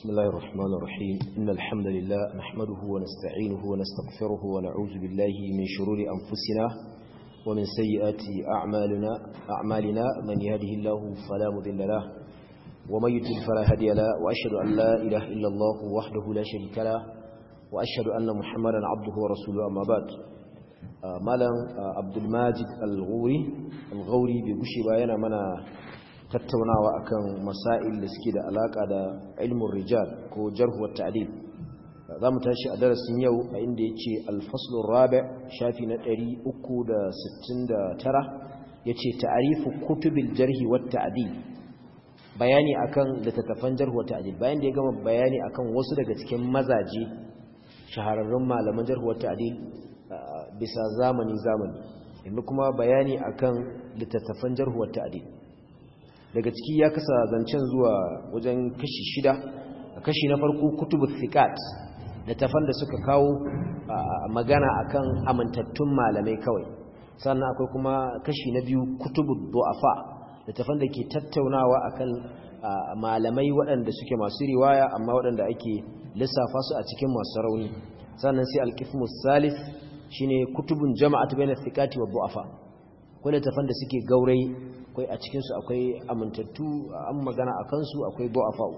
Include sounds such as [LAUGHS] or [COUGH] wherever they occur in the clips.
بسم الله الرحمن الرحيم إن الحمد لله نحمده ونستعينه ونستغفره ونعوذ بالله من شرور أنفسنا ومن سيئات أعمالنا, أعمالنا من يهده الله فلا مذل له ومن يدل فلا هدي له وأشهد أن لا إله إلا الله وحده لا شريك له وأشهد أن محمدا عبده ورسوله أما بعد آه، مالا آه، عبد الماجد الغوري الغوري بيغشي بيانا منا tattaunawa akan masail da suke da alaka da ilmin rijal ko jarh wa ta'dil za mu tashi a darasin yau a inda yace ce fasl ar shafi na 369 yace ta'rifu kutubil jarhi wa ta'dil bayani akan littattafan jarh wa bayan da ya gama bayani akan wasu daga cikin mazaje shahararrun malaman jarh wa bisa zamani zamani yanzu kuma bayani akan littattafan jarhuwar wa daga ciki ya kasa zancen zuwa wajen kashi shida kashi na farko kutubu da tafan da suka kawo magana akan amintattun malamai kawai sannan akwai kuma kashi na biyu kutubu da littafan da ke tattaunawa akan malamai waɗanda suke masu riwaya amma waɗanda ake lissafa su a cikin masu rauni sannan sai alkifmus salif shine kutubun jama'at baina thiqati wa bu'afa ko tafan da suke gaurayi akwai a cikinsu akwai amintattu an magana a kansu akwai bu'afau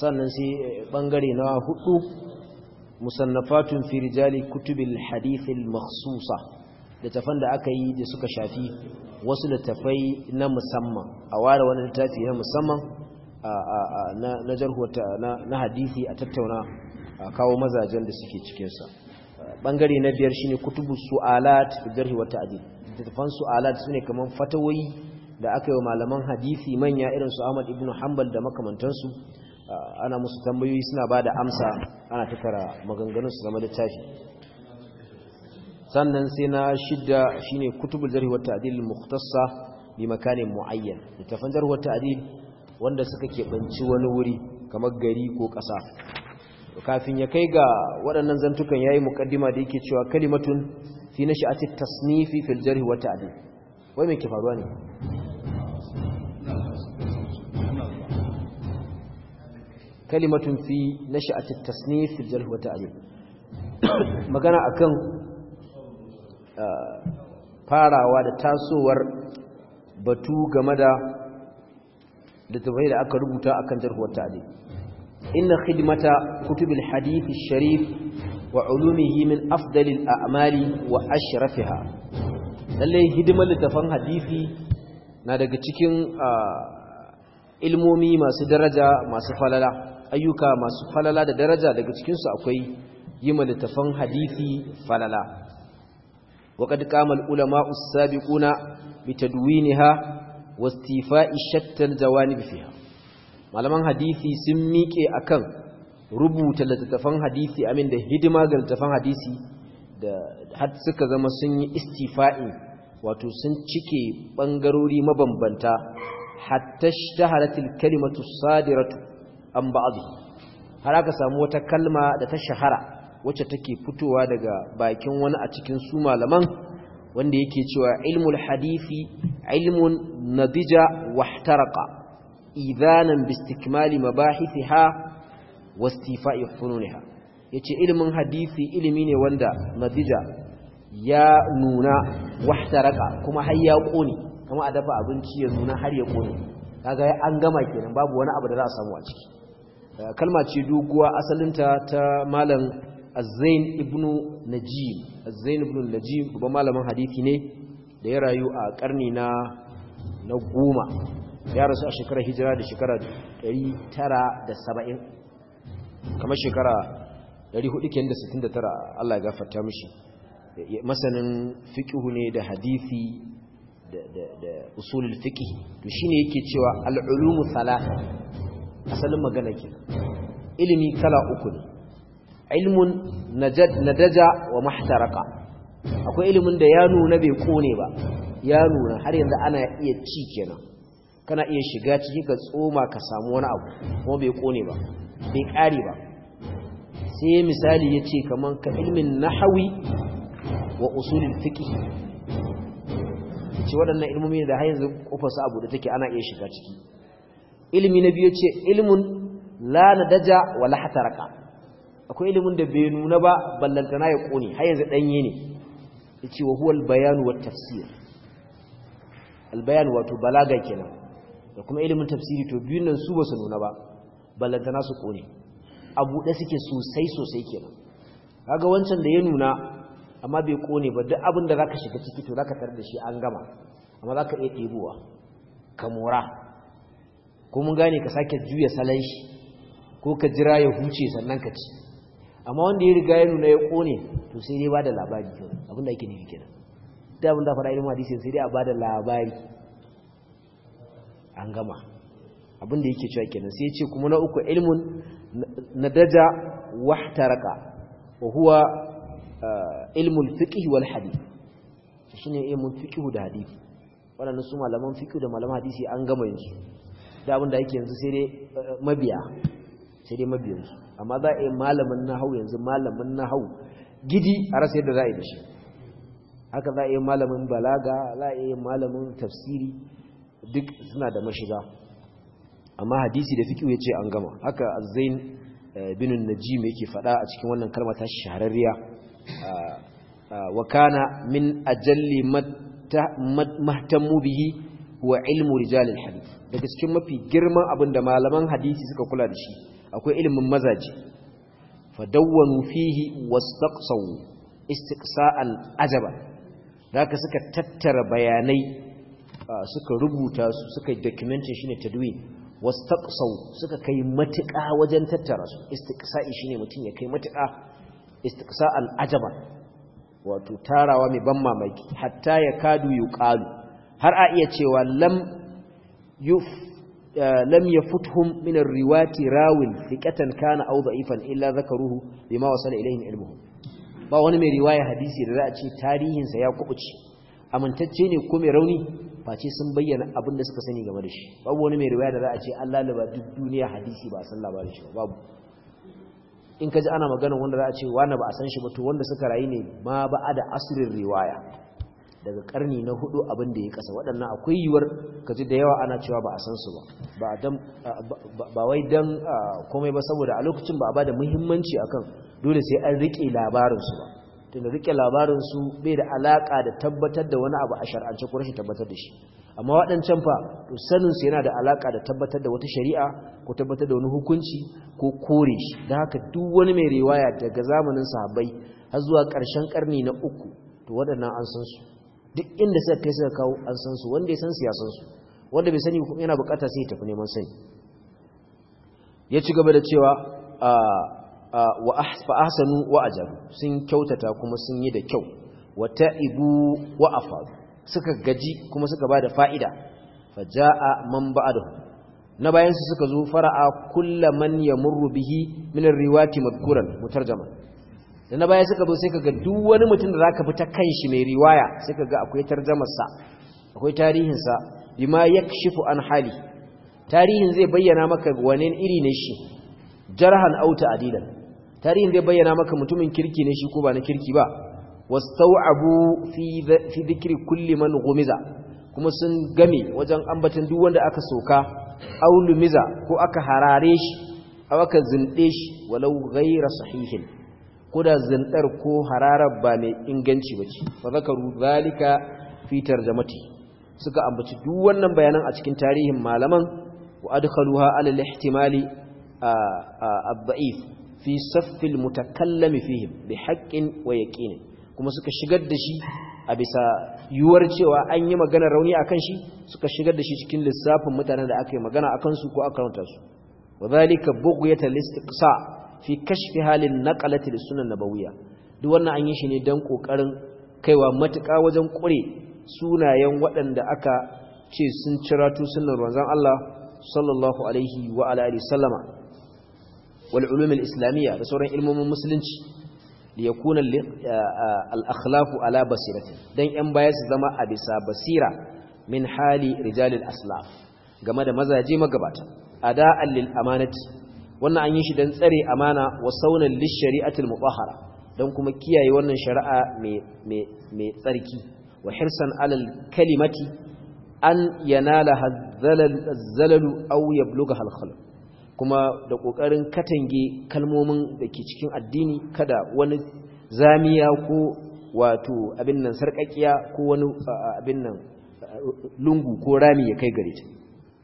sannan sai bangare eh, na hudu musannafatun firijali kutubil hadithil da littafan da aka yi da suka shafi wasu littafai na musamman a ware wani littafi na musamman na jarhuwata na hadithi a tattauna a kawo mazajen da suke cikinsa bangare na biyar shi ne kutubu su'alat fi jarhi wa littafan su'alat ne kamar fatawai. da aka yi wa malaman hadisi manya irin su Ahmad ibn Hanbal da makamantansu ana musu tambayoyi suna ba da amsa ana tattara maganganun su zama littafi sannan sai na shidda shine kutubul jarh wa ta'dil mukhtassa bi makanin muayyan littafin jarh wa ta'dil wanda suka keɓanci wani wuri kamar gari ko ƙasa kafin ya kai ga waɗannan zantukan yayi muqaddima da yake cewa kalimatun fi nashati tasnifi fil jarh wa ta'dil wai me ke faruwa ne kalimatun fi nash'ati a tasnif fil jarh wa ta'dil magana kan uh, farawa da tasowar batu game da littafai da aka rubuta akan jarh wa ta'dil inna khidmata kutubin hadithi sharif wa ulumihi min afdal al-a'mali wa ashrafiha lallai hidimar littattafan hadisi na daga cikin uh, ilmomi masu daraja masu falala ayyuka masu falala da daraja daga cikinsu akwai yi malitafan hadisi falala waƙad kamal ulama usabiquna bi tadwiniha wa istifa'i shattal jawanib fiha malaman hadisi sun miƙe akan rubuta littattafan hadisi amin da hidima ga littafan hadisi da har suka zama sun yi istifa'i wato sun cike bangarori mabambanta hatta shaharatil kalimatu sadiratu an ba'adu har aka samu wata kalma da ta shahara wacce take fitowa daga bakin wani a cikin su malaman wanda yake cewa ilmul hadisi ilmun nadija wahtaraqa idanan bistikmali mabahithiha wastifa'i fununha yace ilmin hadisi ilimi ne wanda nadija ya nuna wahtaraqa kuma har ya kone kuma a dafa abinci ya nuna har ya kone kaga an gama kenan babu wani abu da za a samu a ciki Eh, kalma ce doguwa asalinta ta malam azzain ibnu Najim. azzain ibnu Najim babban malamin hadisi ne da ya rayu a karni na na goma ya rasu a shekarar hijira da shekara 970 kamar shekara 469 Allah ya gafarta mishi masanin fiqhu ne da hadisi da da usulul fiqh to shine yake cewa al-ulumu thalatha asalin magana ke ilimi kala uku ne ilmun nadaja wa mahtaraka akwai ilimin da ya nuna bai kone ba ya nuna har yanzu ana iya ci kenan kana iya shiga ciki ka tsoma ka samu wani abu kuma bai kone ba bai kare ba sai misali ya ce kamar ka ilmin nahawi wa usulin fiqh ce waɗannan ilmomi da har yanzu kofar su abu da take ana iya shiga ciki ilimi na biyu ce ilimin la nadaja wa la hataraka akwai ilimin da bai nuna ba ballantana ya kone har yanzu danye ne ce, wa huwal bayan wa tafsir al wato balaga kenan da kuma ilimin tafsiri to biyun nan su ba nuna ba ballantana su kone a buɗe suke sosai sosai kenan kaga wancan da ya nuna amma bai kone ba duk abin da zaka shiga ciki to zaka tar da shi an gama amma zaka iya tebuwa, ka mora ko mun gane ka sake juya salon shi ko ka jira ya huce sannan ka ci amma wanda ya riga ya nuna ya kone to sai dai ba da labari abin da ake nufi kenan da abin da fara ilimin hadisi sai dai a ba da labari an gama abin da yake cewa kenan sai ya ce kuma na uku ilmun na daja wahtaraka wa huwa eh, ilmul fiqh wal hadith shine ilmun fiqh da hadith wannan su malaman fiqh da malaman hadisi an gama yanzu sai abin da ake yanzu sai dai eh, mabiya sai dai mabiyansu amma za a yi malamin na hau yanzu malamin na hau gidi a rasa yadda za a yi da shi haka za a yi malamin balaga za a yi malamin tafsiri duk suna da mashiga amma hadisi da fikiyu ya ce an gama haka zain eh, binin najim yake faɗa a cikin wannan kalma ta shahararriya ah, ah, wa kana min ajalli mahtammu bihi wa ilmu rijalil hadith daga cikin mafi girman abin da malaman hadisi suka kula da shi akwai ilimin mazaji fadawwanu fihi wastaqsaw istiqsa'an ajaba haka suka tattara bayanai suka rubuta su suka documentation shine tadwin wastaqsaw suka kai matuƙa wajen tattara su istiqsa'i shine mutun ya kai matuƙa istiqsa'an ajaba wato tarawa mai ban mamaki hatta ya kadu yuqalu har a iya cewa lam Eh, lam yafuthum min ar-riwati rawin thiqatan kana aw da'ifan illa zakaruhu bima wasala ilayhim ilmuhum ba wani mai riwaya hadisi da za ce tarihin ya kubuce amintacce ne ko mai rauni face sun bayyana abin da suka sani game da shi babu wani mai riwaya da za a ce Allah laba duk duniya hadisi ba san labarin shi babu in ka ji ana magana wanda za a ce wani ba a san shi ba to wanda suka rayu ne ma ba a da asirin riwaya daga karni na hudu abinda da ya kasa waɗannan akwai yiwuwar kaji da yawa ana cewa ba a san su ba ba wai dan komai ba saboda a lokacin ba a ba da muhimmanci akan dole sai an rike labarinsu ba tun rike labarin su bai da alaƙa da tabbatar da wani abu a shar'ance ko rashin tabbatar da shi amma waɗancan fa to sanin su yana da alaƙa da tabbatar da wata shari'a ko tabbatar da wani hukunci ko kore shi da haka duk wani mai riwaya daga zamanin sahabbai har zuwa ƙarshen ƙarni na uku to waɗannan an san su duk inda suka kai suka kawo an san su wanda ya san su su wanda bai sani kuma yana bukata sai ya tafi neman sani ya ci gaba da cewa wa ah, ahsanu wa ajabu sun kyautata kuma sun yi da kyau wa ta'ibu wa afadu suka gaji kuma suka ba da fa'ida faja'a man ba'adu na bayan su suka zo fara'a kullaman yamurru bihi min riwati madkuran mutarjama da na baya suka zo sai kaga duk wani mutum da zaka bi ta shi mai riwaya sai kaga akwai tarjumar sa akwai tarihin sa bima yakshifu an hali tarihin zai bayyana maka wani iri ne shi jarhan auta ta'dilan tarihin zai bayyana maka mutumin kirki ne shi ko ba na kirki ba wastau'abu fi fi dhikri kulli man ghumiza kuma sun game wajen ambatan duk wanda aka soka aulumiza ko aka harare shi aka zinde shi walau ghayra sahihin ko da zindar ko hararar ba mai inganci ba ce fa zakaru zalika fi tarjamati suka ambaci duk wannan bayanan a cikin tarihin malaman wa adkhaluha ala al-ihtimali ad-da'if fi saffil mutakallami fihim bi haqqin wa yaqin kuma suka shigar da shi a bisa yuwar cewa an yi magana rauni akan shi suka shigar da shi cikin lissafin mutanen da aka yi magana akan su ko aka ranta su wa zalika bughyatal istiqsa' fi kashfi halin naqalati lisunan nabawiyya duk wannan an yi shi ne dan kokarin kaiwa matuƙa wajen kure. sunayen waɗanda aka ce sun ciratu sunan manzon Allah sallallahu alaihi wa ala alihi sallama wal ulum al islamiyya da sauran ilmomin musulunci li yakuna al akhlaqu ala basirati dan yan baya su zama a bisa basira min hali rijalil aslaf game da mazaje magabata ada'an lil amanati wannan an yi shi don tsare amana wa saunan lishari'atul mubahara don kuma kiyaye wannan shari'a mai tsarki wa hirsan alal kalimati an yanala zalalu aw yabluga halkhal kuma da kokarin katange kalmomin da ke cikin addini kada wani zamiya ko wato abin nan sarkakiya ko wani abin nan lungu ko rami ya kai gare ta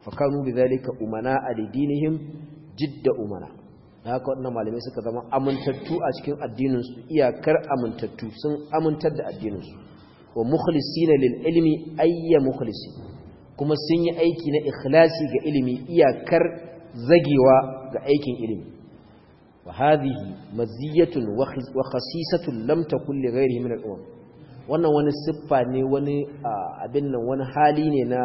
fakanu bi zalika umana alidinihim jidda umara da haka waɗannan malamai suka zama amintattu a cikin addininsu iyakar amintattu sun amintar da addininsu wa mukhlisina lil ilmi ayya mukhlisi kuma sun yi aiki na ikhlasi ga ilimi iyakar zagewa ga aikin ilimi wa hadhihi maziyatun wa khasisatun lam takun li ghairihi min al-umam wannan wani siffa ne wani abin nan wani hali ne na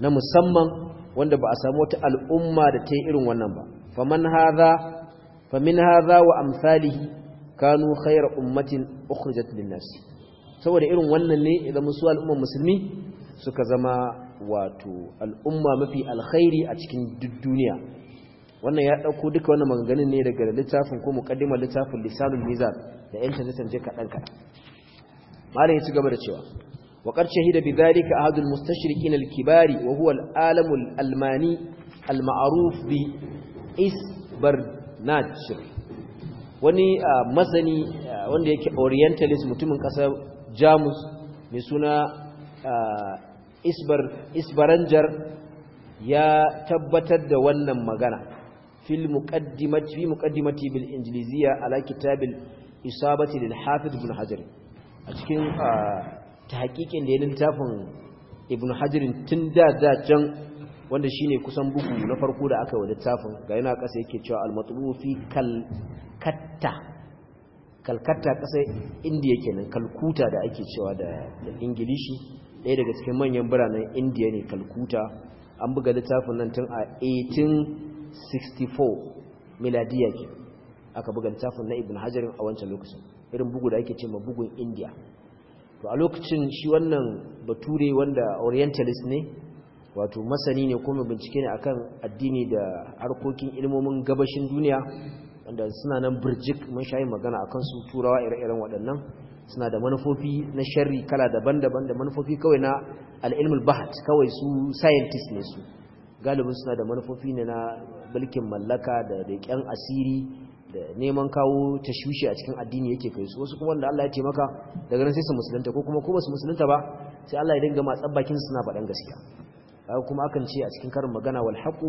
na musamman wanda ba a samu wata al'umma da ta yi irin wannan ba faman hadha famin hadha wa amsalihi kanu khayra ummatin ukhrijat saboda irin wannan ne idan musu al'umma musulmi suka zama wato al'umma mafi alkhairi a cikin duniya wannan ya dauko duka wannan maganganun ne daga littafin ko muqaddimar littafin lisanul mizan da yan kaɗan. kadan kadan malam ya ci gaba da cewa وقد شهد بذلك أحد Kibari, الكبار وهو العالم الألماني المعروف isbarnajir wani ah, masani ah, wanda yake orientalist mutumin ƙasar jamus mai suna ah, isbaranjar ya tabbatar da wannan magana fi muqaddimati bil injiliziya ala kitabil isabati lil hafiz ibn hajar a cikin tahqiqin da ya tafin ibn hajar tun da da can wanda shine kusan bugu na farko da aka yi wa littafin ga yana ƙasa yake cewa al fi kalkatta kalkatta ƙasa indiya kenan kalkuta da ake cewa da ingilishi ɗaya daga cikin manyan biranen indiya ne kalkuta an buga littafin nan tun a 1864 miladiya ke aka buga littafin na ibn hajarin a wancan lokacin irin bugu da ake ce ma bugun indiya to a lokacin shi wannan bature wanda orientalist ne wato masani ne kuma bincike ne akan addini da harkokin ilmomin gabashin duniya wanda suna nan birjik mun shayi magana akan su turawa ire-iren waɗannan suna da manufofi na sharri kala daban-daban da manufofi kawai na al'ilmul bahat kawai su scientist ne su galibin suna da manufofi ne na mulkin mallaka da riƙen asiri da neman kawo tashwishi a cikin addini yake kai su wasu kuma wanda Allah ya ce maka daga nan sai su musulunta ko kuma ko ba su musulunta ba sai Allah ya dinga matsan bakin suna faɗan gaskiya kuma akan ce a cikin karin magana wal haqu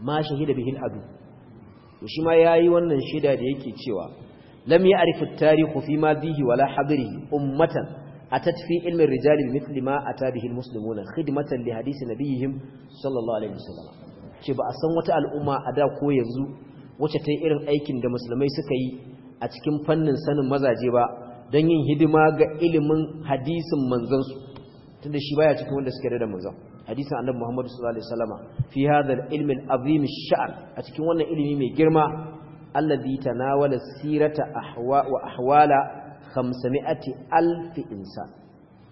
ma shahida bihi al adu to shi ma yayi wannan shida da yake cewa lam ya'rifu at-tarikh fi ma bihi wala hadrihi ummatan a fi ilmi ar-rijal mithli ma ata bihi al-muslimun khidmatan li hadisi nabiyihim sallallahu alaihi wasallam ce ba a san wata al'umma a da ko yanzu wacce ta yi irin aikin da musulmai suka yi a cikin fannin sanin mazaje ba don yin hidima ga ilimin hadisin manzansu tunda shi baya cikin wanda suke da manzan hadisin annabi Muhammad sallallahu alaihi wasallama fi hadha al-ilm al-azim ash-sha'n a cikin wannan ilimi mai girma alladhi tanawala sirata ahwa wa ahwala 500 alf insan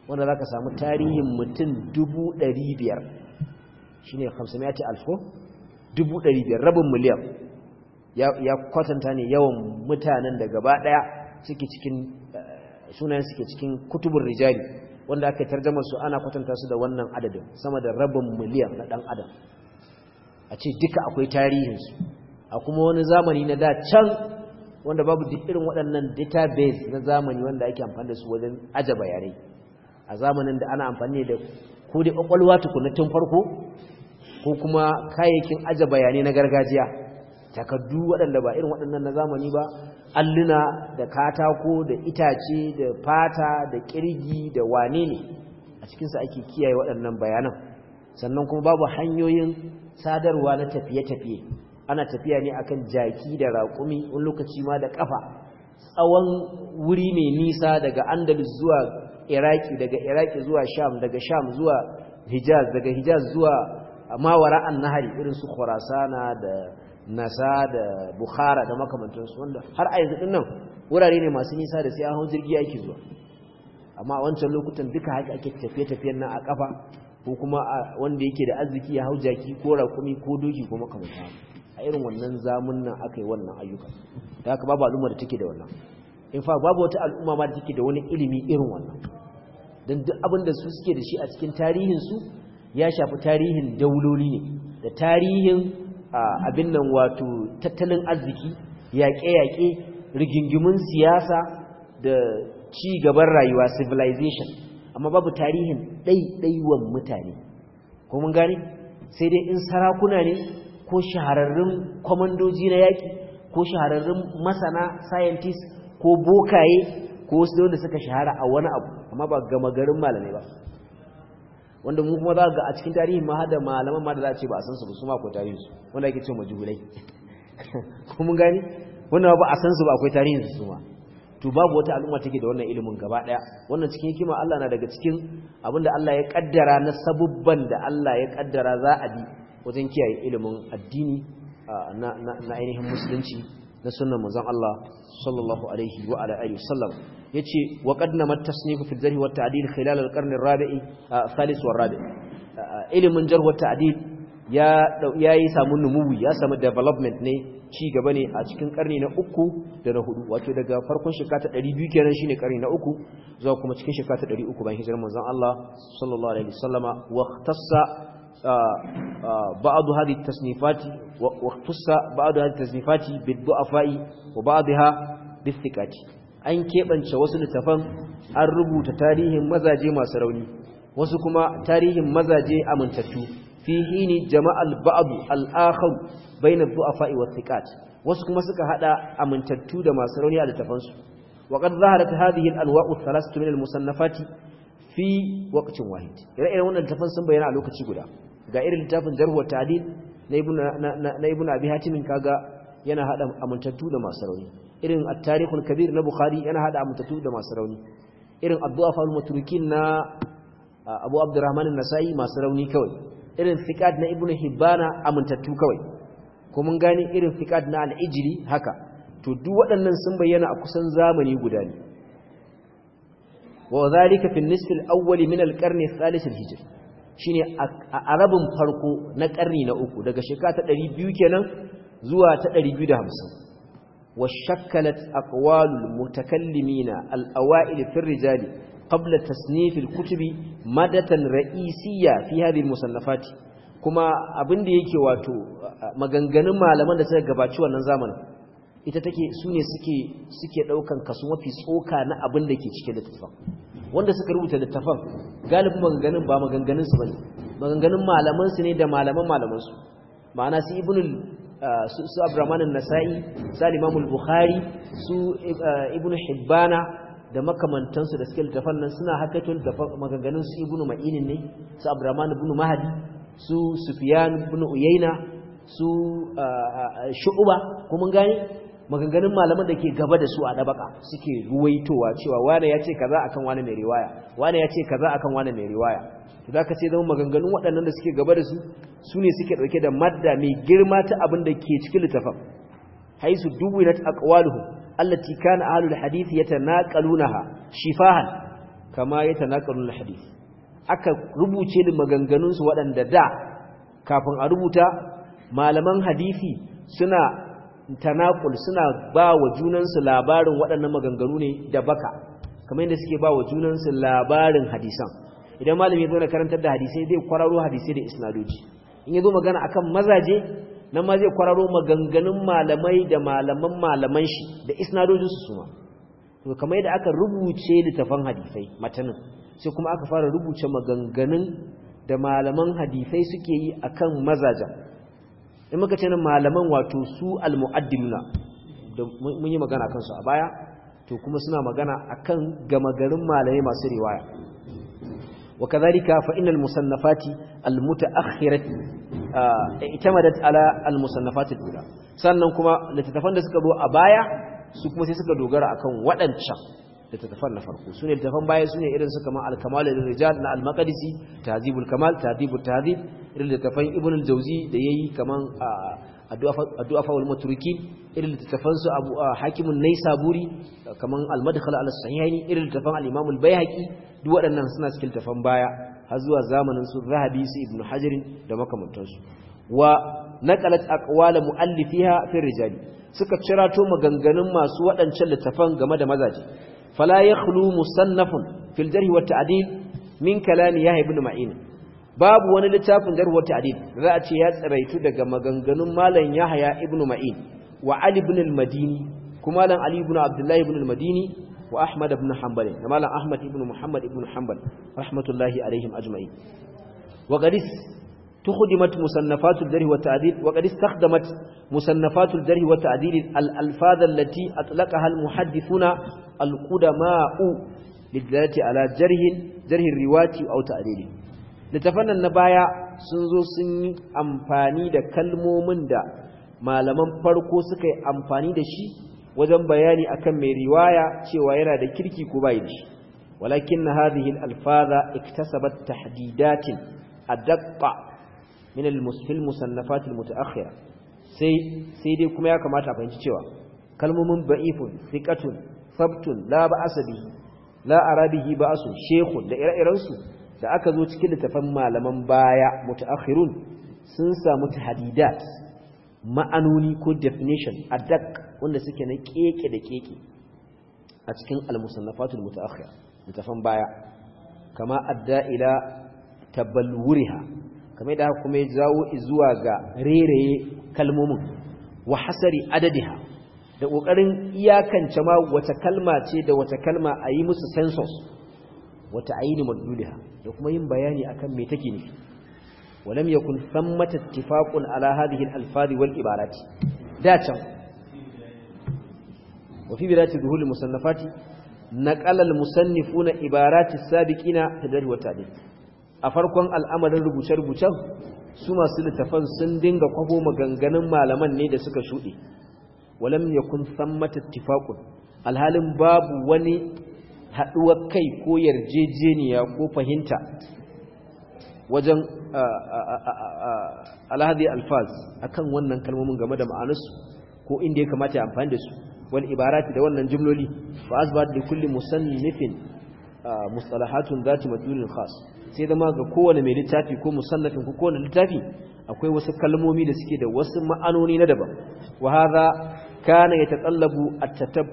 wanda zaka samu tarihin mutum 500 shine 500 alf ko 500 rabin miliyan ya kwatanta ne yawan mutanen da gaba daya suke cikin eh, sunayen suke cikin kutubur rijali wanda aka tarjama su ana kwatanta su da wannan adadin sama da rabin miliyan na dan adam a ce duka akwai tarihinsu a kuma wani zamani na da can wanda babu duk irin waɗannan database na zamani wanda ake amfani da su wajen aje bayanai a zamanin da ana amfani da ko da kwakwalwa tukuna tun farko ko kuma kayayyakin aje bayanai na gargajiya takaddu waɗanda ba irin waɗannan na zamani ba alluna da katako da itace da fata da kirgi da wane ne a cikinsa ake kiyaye waɗannan bayanan sannan kuma babu hanyoyin sadarwa na tafiye-tafiye ana tafiya ne akan jaki da raƙumi wani lokaci ma da ƙafa tsawon wuri mai nisa daga andalus zuwa iraki daga iraki zuwa sham daga sham zuwa hijaz daga hijaz zuwa mawara'an nahari irin su khurasana da nasa da bukhara da makamantansu wanda har a yanzu nan wurare ne masu nisa da sai hau jirgi ake zuwa amma a wancan lokutan duka haka ake tafiye-tafiyen nan a ƙafa ko kuma wanda yake da arziki ya hau jaki ko rakumi ko doki ko makamanta a irin wannan zamun nan aka yi wannan ayyuka da haka babu al'umma da take da wannan in fa babu wata al'umma ma da take da wani ilimi irin wannan don duk abin da su suke da shi a cikin tarihinsu ya shafi tarihin dauloli ne da tarihin abin nan wato tattalin arziki yaƙe-yaƙe rigingimun siyasa da ci gaban rayuwa civilization amma babu tarihin ɗaiɗaiwan mutane ko mun sai dai in sarakuna ne ko shahararrun kwamandoji na yaƙi ko shahararrun masana scientist ko bokaye ko wasu da suka shahara a wani abu amma ba gama garin malamai ba wanda mu kuma za ga a cikin tarihi ma hada malaman ma da za a ce ba a san su ba su ma akwai tarihin su wanda ake ce majhulai [LAUGHS] ko mun gani wanda ba a san su ba akwai tarihin su ma to babu wata al'umma take da wannan ilimin gaba daya wannan cikin hikima Allah na daga cikin abinda Allah ya kaddara na sabubban da Allah ya kaddara za a bi wajen kiyaye ilimin addini na ainihin musulunci na sunnan manzon Allah sallallahu alaihi wa alihi wasallam yace wa qaddama at-tasnif fi al-jarh wa at-ta'dil khilal al-qarn ar-rabi'i wa rabi' ilimin jar wa at-ta'dil ya yayi samu numuwi ya samu development ne ci gaba ne a cikin ƙarni na uku da na hudu wato daga farkon shekara ta 200 kenan shine ƙarni na uku zuwa kuma cikin shekara ta 300 bayan hijirar manzon Allah sallallahu alaihi wasallama wa ikhtassa بعض هذه التصنيفات واختص بعض هذه التصنيفات بالضعفاء وبعضها بالثقات an keɓance wasu littafan an rubuta tarihin mazaje masu rauni wasu kuma tarihin mazaje amintattu fi hini jama'al ba'du al-akhar bayna du'afa'i wa thiqat wasu kuma suka hada amintattu da masu rauni a littafansu wa qad zaharat hadhihi al-anwa'u thalathatu min al Fati fi wakacin wahid ire-iren wannan littafan sun bayyana a lokaci guda ga irin littafin jarh wa na ibn abi kaga yana haɗa amintattu da masu rauni irin at kabir na bukhari yana hada mutatu da masu rauni irin ad-du'afa al na abu abdurrahman an-nasai masu rauni kawai irin thiqat na ibnu hibbana amintattu kawai Kuma mun gane irin thiqat na al haka to duk waɗannan sun bayyana a kusan zamani guda ne wa zalika fi an min al-qarn thalith al-hijri a arabin farko na karni na uku daga shekara ta 200 kenan zuwa ta 250 وشكلت أقوال المتكلمين الأوائل في الرجال قبل تصنيف الكتب مادة رئيسية في هذه المصنفات كما abin da yake wato maganganun malaman da suka gabaci wannan zamanin ita take su ne suke suke daukan kaso mafi tsoka na abin da ke cike da tafan wanda suka rubuta da tafan galibin maganganun ba maganganun su bane maganganun malaman su ne da malaman malaman su ma'ana su ibnul su su abraman nasai su al bukhari su ibnu hibbana da makamantansu da suke littafan nan suna da maganganun su ibnu ma'inin ne su abraman ibn mahdi su sufyan ibn uyayna su shu'ba kuma mun gane maganganun malaman da ke gaba da su a dabaka suke ruwaitowa cewa wane ya ce kaza akan wane mai riwaya wane ya ce kaza akan wane mai riwaya to zaka ce zama maganganun waɗannan da suke gaba da su su ne suke ɗauke da madda mai girma ta abin da ke cikin littafin haisu duwinat aqwaluhum allati kana ahlul hadith shi shifahan kama yatanaqalul hadith aka rubuce da maganganun waɗanda da kafin a rubuta malaman hadisi suna tanakul suna ba wa junansu labarin waɗannan maganganu ne da baka kamar yadda suke ba wa junansu labarin hadisan idan malami yazo na karantar da hadisai zai kwararo hadisai da isnadoji in ya magana akan mazaje nan ma zai kwararo maganganun malamai da malaman malaman shi da isnadojin su suma to kamar yadda aka rubuce littattafan hadisai matanin sai kuma aka fara rubuce maganganun da malaman hadisai suke yi akan mazaje in muka ce nan malaman wato su almu'addimuna da mun yi magana kansu a baya to kuma suna magana akan gama garin malamai masu riwaya وكذلك فإن المصنفات المتأخرة اعتمدت على المصنفات الأولى sannan kuma littattafan da suka zo a baya su kuma sai suka dogara akan waɗancan littattafan na farko su ne littattafan baya su ne irin su kamar alkamal da na almakarisi tahzibul kamal tahdibul tahdib irin littattafan ibn jauzi jawzi da yayi kaman addu'a fawul maturukin irin littattafan su abu hakimun nai saburi kaman almadkhal ala sahihaini irin littattafan al-imam al duk waɗannan suna cikin littattafan baya har zuwa zamanin su zahabi su ibnu hajar da makamantansu wa naqalat aqwal muallifiha fi rijali suka cirato maganganun masu waɗancan littattafan game da mazaje fala yakhlu musannafun fil jarh wa ta'dil min kalami yahya ibn ma'in babu wani littafin jarhuwar da za a ce ya tsiraitu daga maganganun malam Yahya ibnu Ma'in wa Ali ibn al-Madini kuma malam Ali ibn Abdullah ibn al-Madini wa Ahmad ibn Hanbal da malam Ahmad ibn Muhammad ibn Hanbal rahmatullahi alaihim ajma'in wa qadis تخدمت مصنفات الجرح والتعديل وقد استخدمت مصنفات الجرح والتعديل الألفاظ التي أطلقها المحدثون القدماء للدلالة على جرح جرح الرواة أو تعديله littafan na baya sun zo sun yi amfani da kalmomin da malaman farko suka yi amfani da shi wajen bayani akan mai riwaya cewa yana da kirki ko bai da shi walakin na hadhihi alfaza iktasabat tahdidatin adaqqa min almusfil musannafat almutaakhira sai sai dai kuma ya kamata a fahimci cewa kalmomin ba'ifun thiqatun sabtun la ba'asa bihi la arabihi ba'asu da ire-irensu da aka zo cikin littafan malaman baya mutaakhirun sun samu tahdidat ma'anoni ko definition adak wanda suke na keke da keke a cikin al-musannafatul mutaakhira littafan baya kama adda ila tabalwuriha kama da kuma ya zawo zuwa ga rereye kalmomin wa hasari adadiha da kokarin iyakance ma wata kalma ce da wata kalma a yi musu census wata aini madduliha da kuma yin bayani akan me take nufi walam yakun thammata ittifaqun ala hadhihi alfadi wal ibarati? da can wa fi bidati dhuhul musannafati naqala al-musannifuna ibarati as-sabiqina tadri wa ta'dil a farkon al'amarin rubuce-rubucen su masu littafan sun dinga kwabo maganganun malaman ne da suka shuɗe walam yakun thammata ittifaqun alhalin babu wani haɗuwar kai ko yarjejeniya ko fahimta wajen alhazi alfaz akan wannan kalmomin game da ma'anarsu ko inda ya kamata ya amfani da su wani ibarati da wannan jumloli fa asbat li kulli musannifin mustalahatun zati madlunin khas sai zama ga kowane mai littafi ko musannafin ko kowane littafi akwai wasu kalmomi da suke da wasu ma'anoni na daban wa كان يتطلب التتب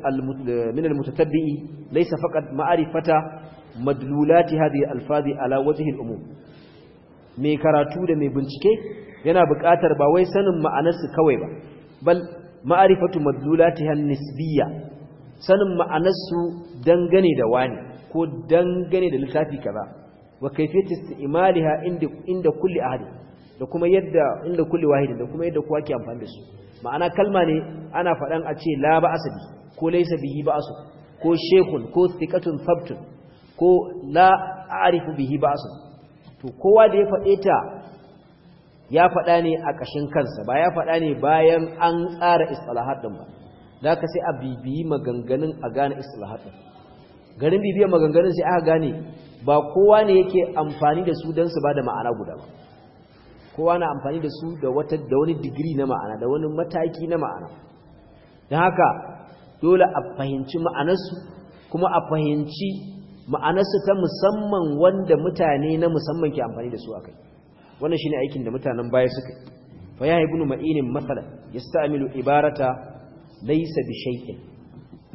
من المتتبع ليس فقط معرفة مدلولات هذه الألفاظ على وجه الأموم mai karatu da mai bincike yana buƙatar ba wai sanin ma'anarsu kawai ba bal ma'arifatu madlulatiha nisbiyya sanin ma'anarsu dangane da wani ko dangane da littafi kaza wa kayfiyat istimaliha inda inda kulli ahad da kuma yadda da kuma yadda kowa ke amfani da su ma'ana kalma ne ana faɗan a ce la ba asabi ko laisa bihi ba asu ko shekul ko thiqatun sabtun ko la a'rifu bihi ba asu to kowa da ya faɗe ta ya faɗa ne a ƙashin kansa ba ya faɗa ne bayan an tsara istilahat din ba da ka sai a bibiyi maganganun a gane istilahat din garin bibiyar maganganun sai aka gane ba kowa ne yake amfani da su don su ba da ma'ana guda ba kowa na amfani da su da da wani digiri na ma'ana da wani mataki na ma'ana don haka dole a fahimci ma'anarsu kuma a fahimci ma'anarsu ta musamman wanda mutane na musamman ke amfani da su akai wannan shi ne aikin da mutanen baya suka fa ya haibu ma'inin masala yasta'milu ibarata laysa bi shay'in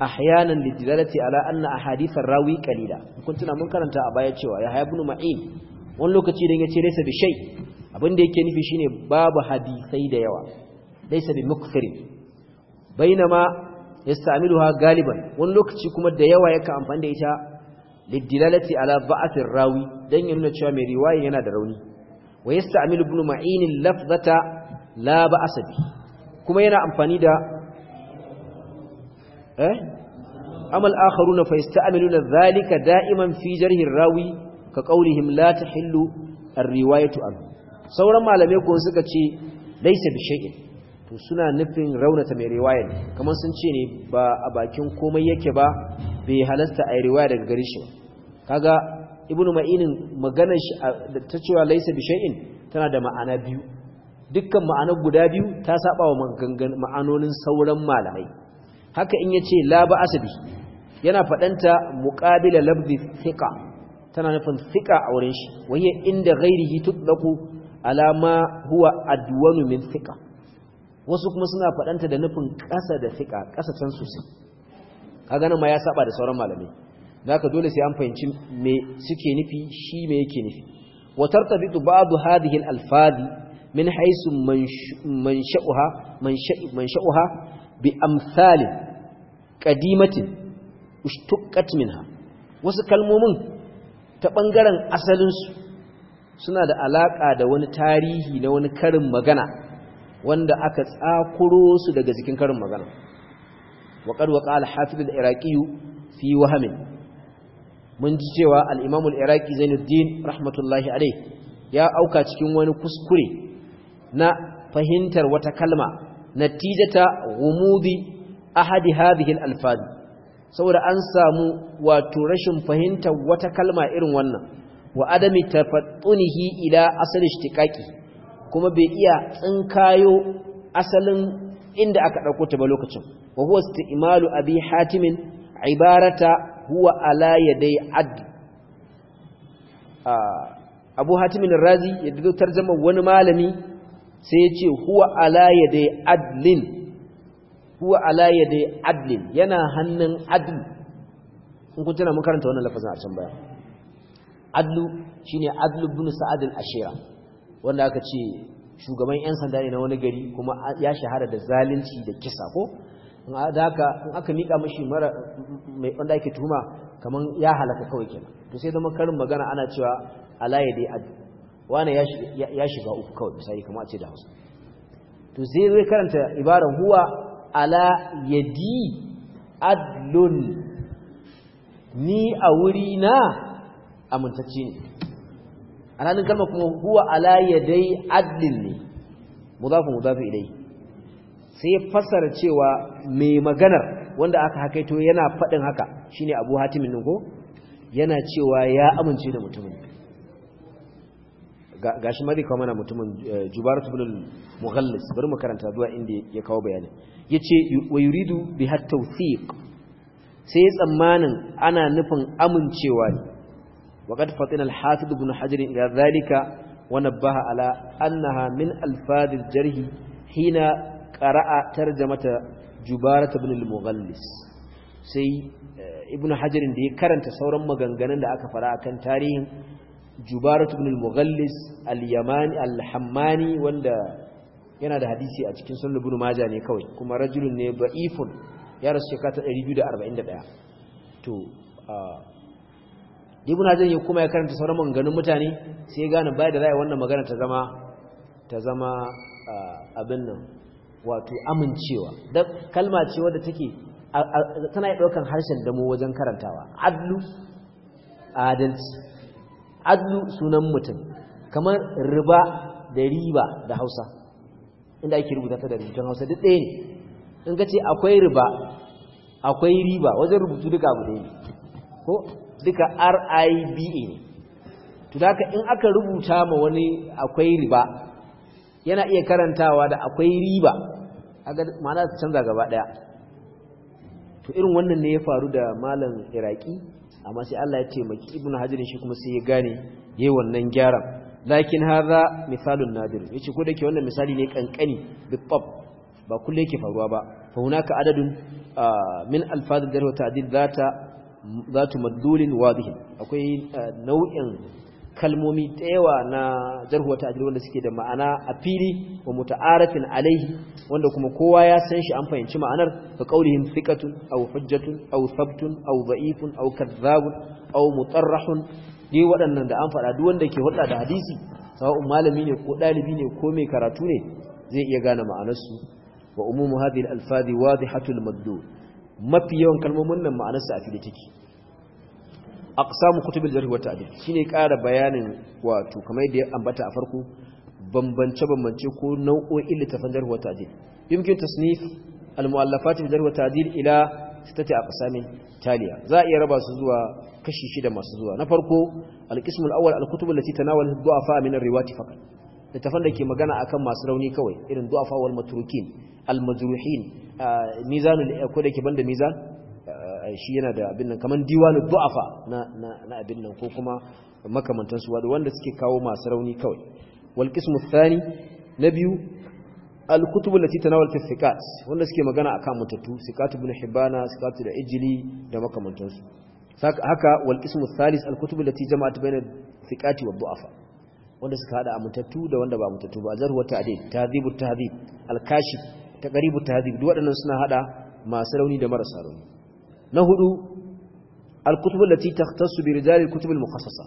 ahyanan lidilalati ala anna ahadith rawi qalila kun tuna mun karanta a baya cewa ya haibu ma'in wani lokaci dan ya laisa bi bishai? abin da yake nufi shine babu hadisai da yawa laysa bi mukthir bainama ha galiban wani lokaci kuma da yawa yaka amfani da ita lidilalati ala da'af rawi don ya nuna cewa mai riwaya yana da rauni wa yasta'milu ibn ma'in lafzata la ba'as kuma yana amfani da eh amal akharuna fa yasta'miluna zalika da'iman fi jarhi rawi ka qawlihim la hillu الرواية عنه sauran malamai ko suka ce laisa bi shay'in to suna nufin raunata mai riwaya ne kamar sun ce ne ba a bakin komai yake ba bai halasta a riwaya daga gare shi kaga ibnu ma'inin maganar shi ta cewa laisa bi shay'in tana da ma'ana biyu dukkan ma'anar guda biyu ta saba wa ma'anonin sauran malamai haka in yace la ba asabi yana fadanta muqabila labdi thiqa tana nufin thiqa a wurin shi waye inda ghairihi tutlaqu alama huwa adwanu min thiqa wasu kuma suna faɗanta da nufin ƙasa da thiqa ƙasa can sosai kaga nan ma ya saba da sauran malamai Naka dole sai an fahimci me suke nufi shi me yake nufi wa tartabitu ba'du hadhihi alfadi min haythu mansha'uha mansha'uha bi amsalin qadimatin ushtuqqat minha wasu kalmomin ta bangaren asalin su suna da alaƙa da wani tarihi na wani karin magana wanda aka tsakuro su daga jikin karin magana waƙar waƙa alhafi hafiz al-iraqiyu fi wahamin mun ji cewa al-imam al-iraqi zainuddin rahmatullahi alayh ya auka cikin wani kuskure na fahimtar wata kalma natijata gumudi ahadi hadhihi al-alfaz saboda an samu wato rashin fahimtar wata kalma irin wannan wa adami tafattunihi ila asali shtiqaqi kuma bai iya tsinkayo asalin inda aka dauko ta ba lokacin wa huwa istimalu abi hatim ibarata huwa ala yaday ad ah, abu hatimin razi ya dubi tarjumar wani malami sai ya ce huwa ala yaday adlin huwa ala yaday adlin yana hannun adl in kun tana mun karanta wannan lafazin a can baya adlu shine adlu ibn sa'ad al-ashira wanda aka ce shugaban yan sanda ne na wani gari kuma ya shahara da zalunci da kisa ko in aka mika mashi mara mai wanda yake tuhuma kaman ya halaka kawai kenan to sai zama karin magana ana cewa alaye dai adlu wani ya shiga uku kawai misali kamar a ce da Hausa to sai zai karanta ibaran huwa ala yadi adlun ni a wuri na Amintacci ne alhalin kalmar kuma huwa ala dai adlin ne mudafu mudafu idai sai fasara cewa mai maganar wanda aka hakaito yana faɗin haka shine abu hatimin yana cewa ya amince da mutumin ga shi zai kawo mana mutumin eh, jubar bin mughallis bari mu karanta zuwa inda ya kawo bayanin yace wa yuridu bi hatta sai tsammanin ana nufin amincewa ne وقد فطن الحافظ بن حجر إلى ذلك ونبه على أنها من ألفاظ الجرح حين قرأ ترجمة جبارة بن المغلس سي ابن حجر دي كرنت سورا مغنغنا لأك فراء كان تاريخ جبارة بن المغلس اليماني الحماني وند yana da hadisi a cikin sunan ibn majah ne kawai kuma rajulun ne da'ifun ya rasu shekara ta 241 to na zan ya kuma ya karanta sauran maganganun mutane sai ya gane bai da ra'ayi wannan magana ta zama ta abin nan wato amincewa da kalma ce wadda take tana yi daukan harshen damo wajen karantawa adlu adalci adlu sunan mutum kamar riba da riba da Hausa inda ake rubuta ta da rubutun Hausa duk ɗaya ne in ka ce akwai riba akwai riba wajen rubutu duka abu ɗaya ne ko duka riba e ne to daga in aka rubuta ma wani akwai riba yana iya karantawa da akwai riba aga ma'ana ta canza gaba daya to irin wannan ne ya faru da malam iraki amma sai Allah ya taimaki Ibn hajar shi kuma sai ya gane yay wannan gyaran lakin hadha misalun nadir yace ko da ke wannan misali ne kankani bitab ba kulle yake faruwa ba fa hunaka adadun ah, min alfaz jarh wa ta'dil zata zatu madlulin wadihin akwai eh, nau'in kalmomi ta yawa na jarhuwa ta wanda suke da ma'ana a fili wa muta'arafin alaihi wanda kuma kowa ya san shi an fahimci ma'anar fa qaulihim thiqatun aw hujjatun aw thabtun aw dha'ifun aw kadhabun aw mutarrahun dai waɗannan da an faɗa duk wanda ke hulɗa da hadisi sawa'un malami ne ko ɗalibi ne ko mai karatu ne zai iya gane ma'anarsu wa umumu hadhihi al-alfazi wadihatul madlul mafi yawan kalmomin nan ma'anarsa a fili take aqsamu kutubil jarh wa ta'dil shine ƙara bayanin wato kamar da ya ambata a farko bambance bambance ko nau'o'in littafin jarh wa ta'dil yumkin tasnif al mu'allafat bil jarh wa ta'dil ila sittati aqsamin taliya za a iya raba su zuwa kashi shida masu zuwa na farko al qismu al awwal al kutub allati tanawalat du'afa min ar riwati faqat littafan da ke magana akan masu rauni kawai irin du'afa wal matrukin al majruhin mizanul ko da ke banda mizan shi yana da abin nan kaman diwanu du'afa na na abin nan ko kuma makamantan su wanda suke kawo masu rauni kawai wal qismu thani na biyu al kutubu lati tanawalat thiqat wanda suke magana akan mutattu thiqat ibn hibana thiqat da ijli da makamantan su haka wal qismu thalith al kutubu lati jama'at bayna thiqati wa du'afa wanda suka hada a mutattu da wanda ba mutattu ba zarhu wa ta'dil tadhibu tahdhib al kashif taqribu tahdhib duk waɗannan suna haɗa masu rauni da marasa rauni na hudu al-kutub allati takhtassu bi rijal al-kutub al-mukhassasa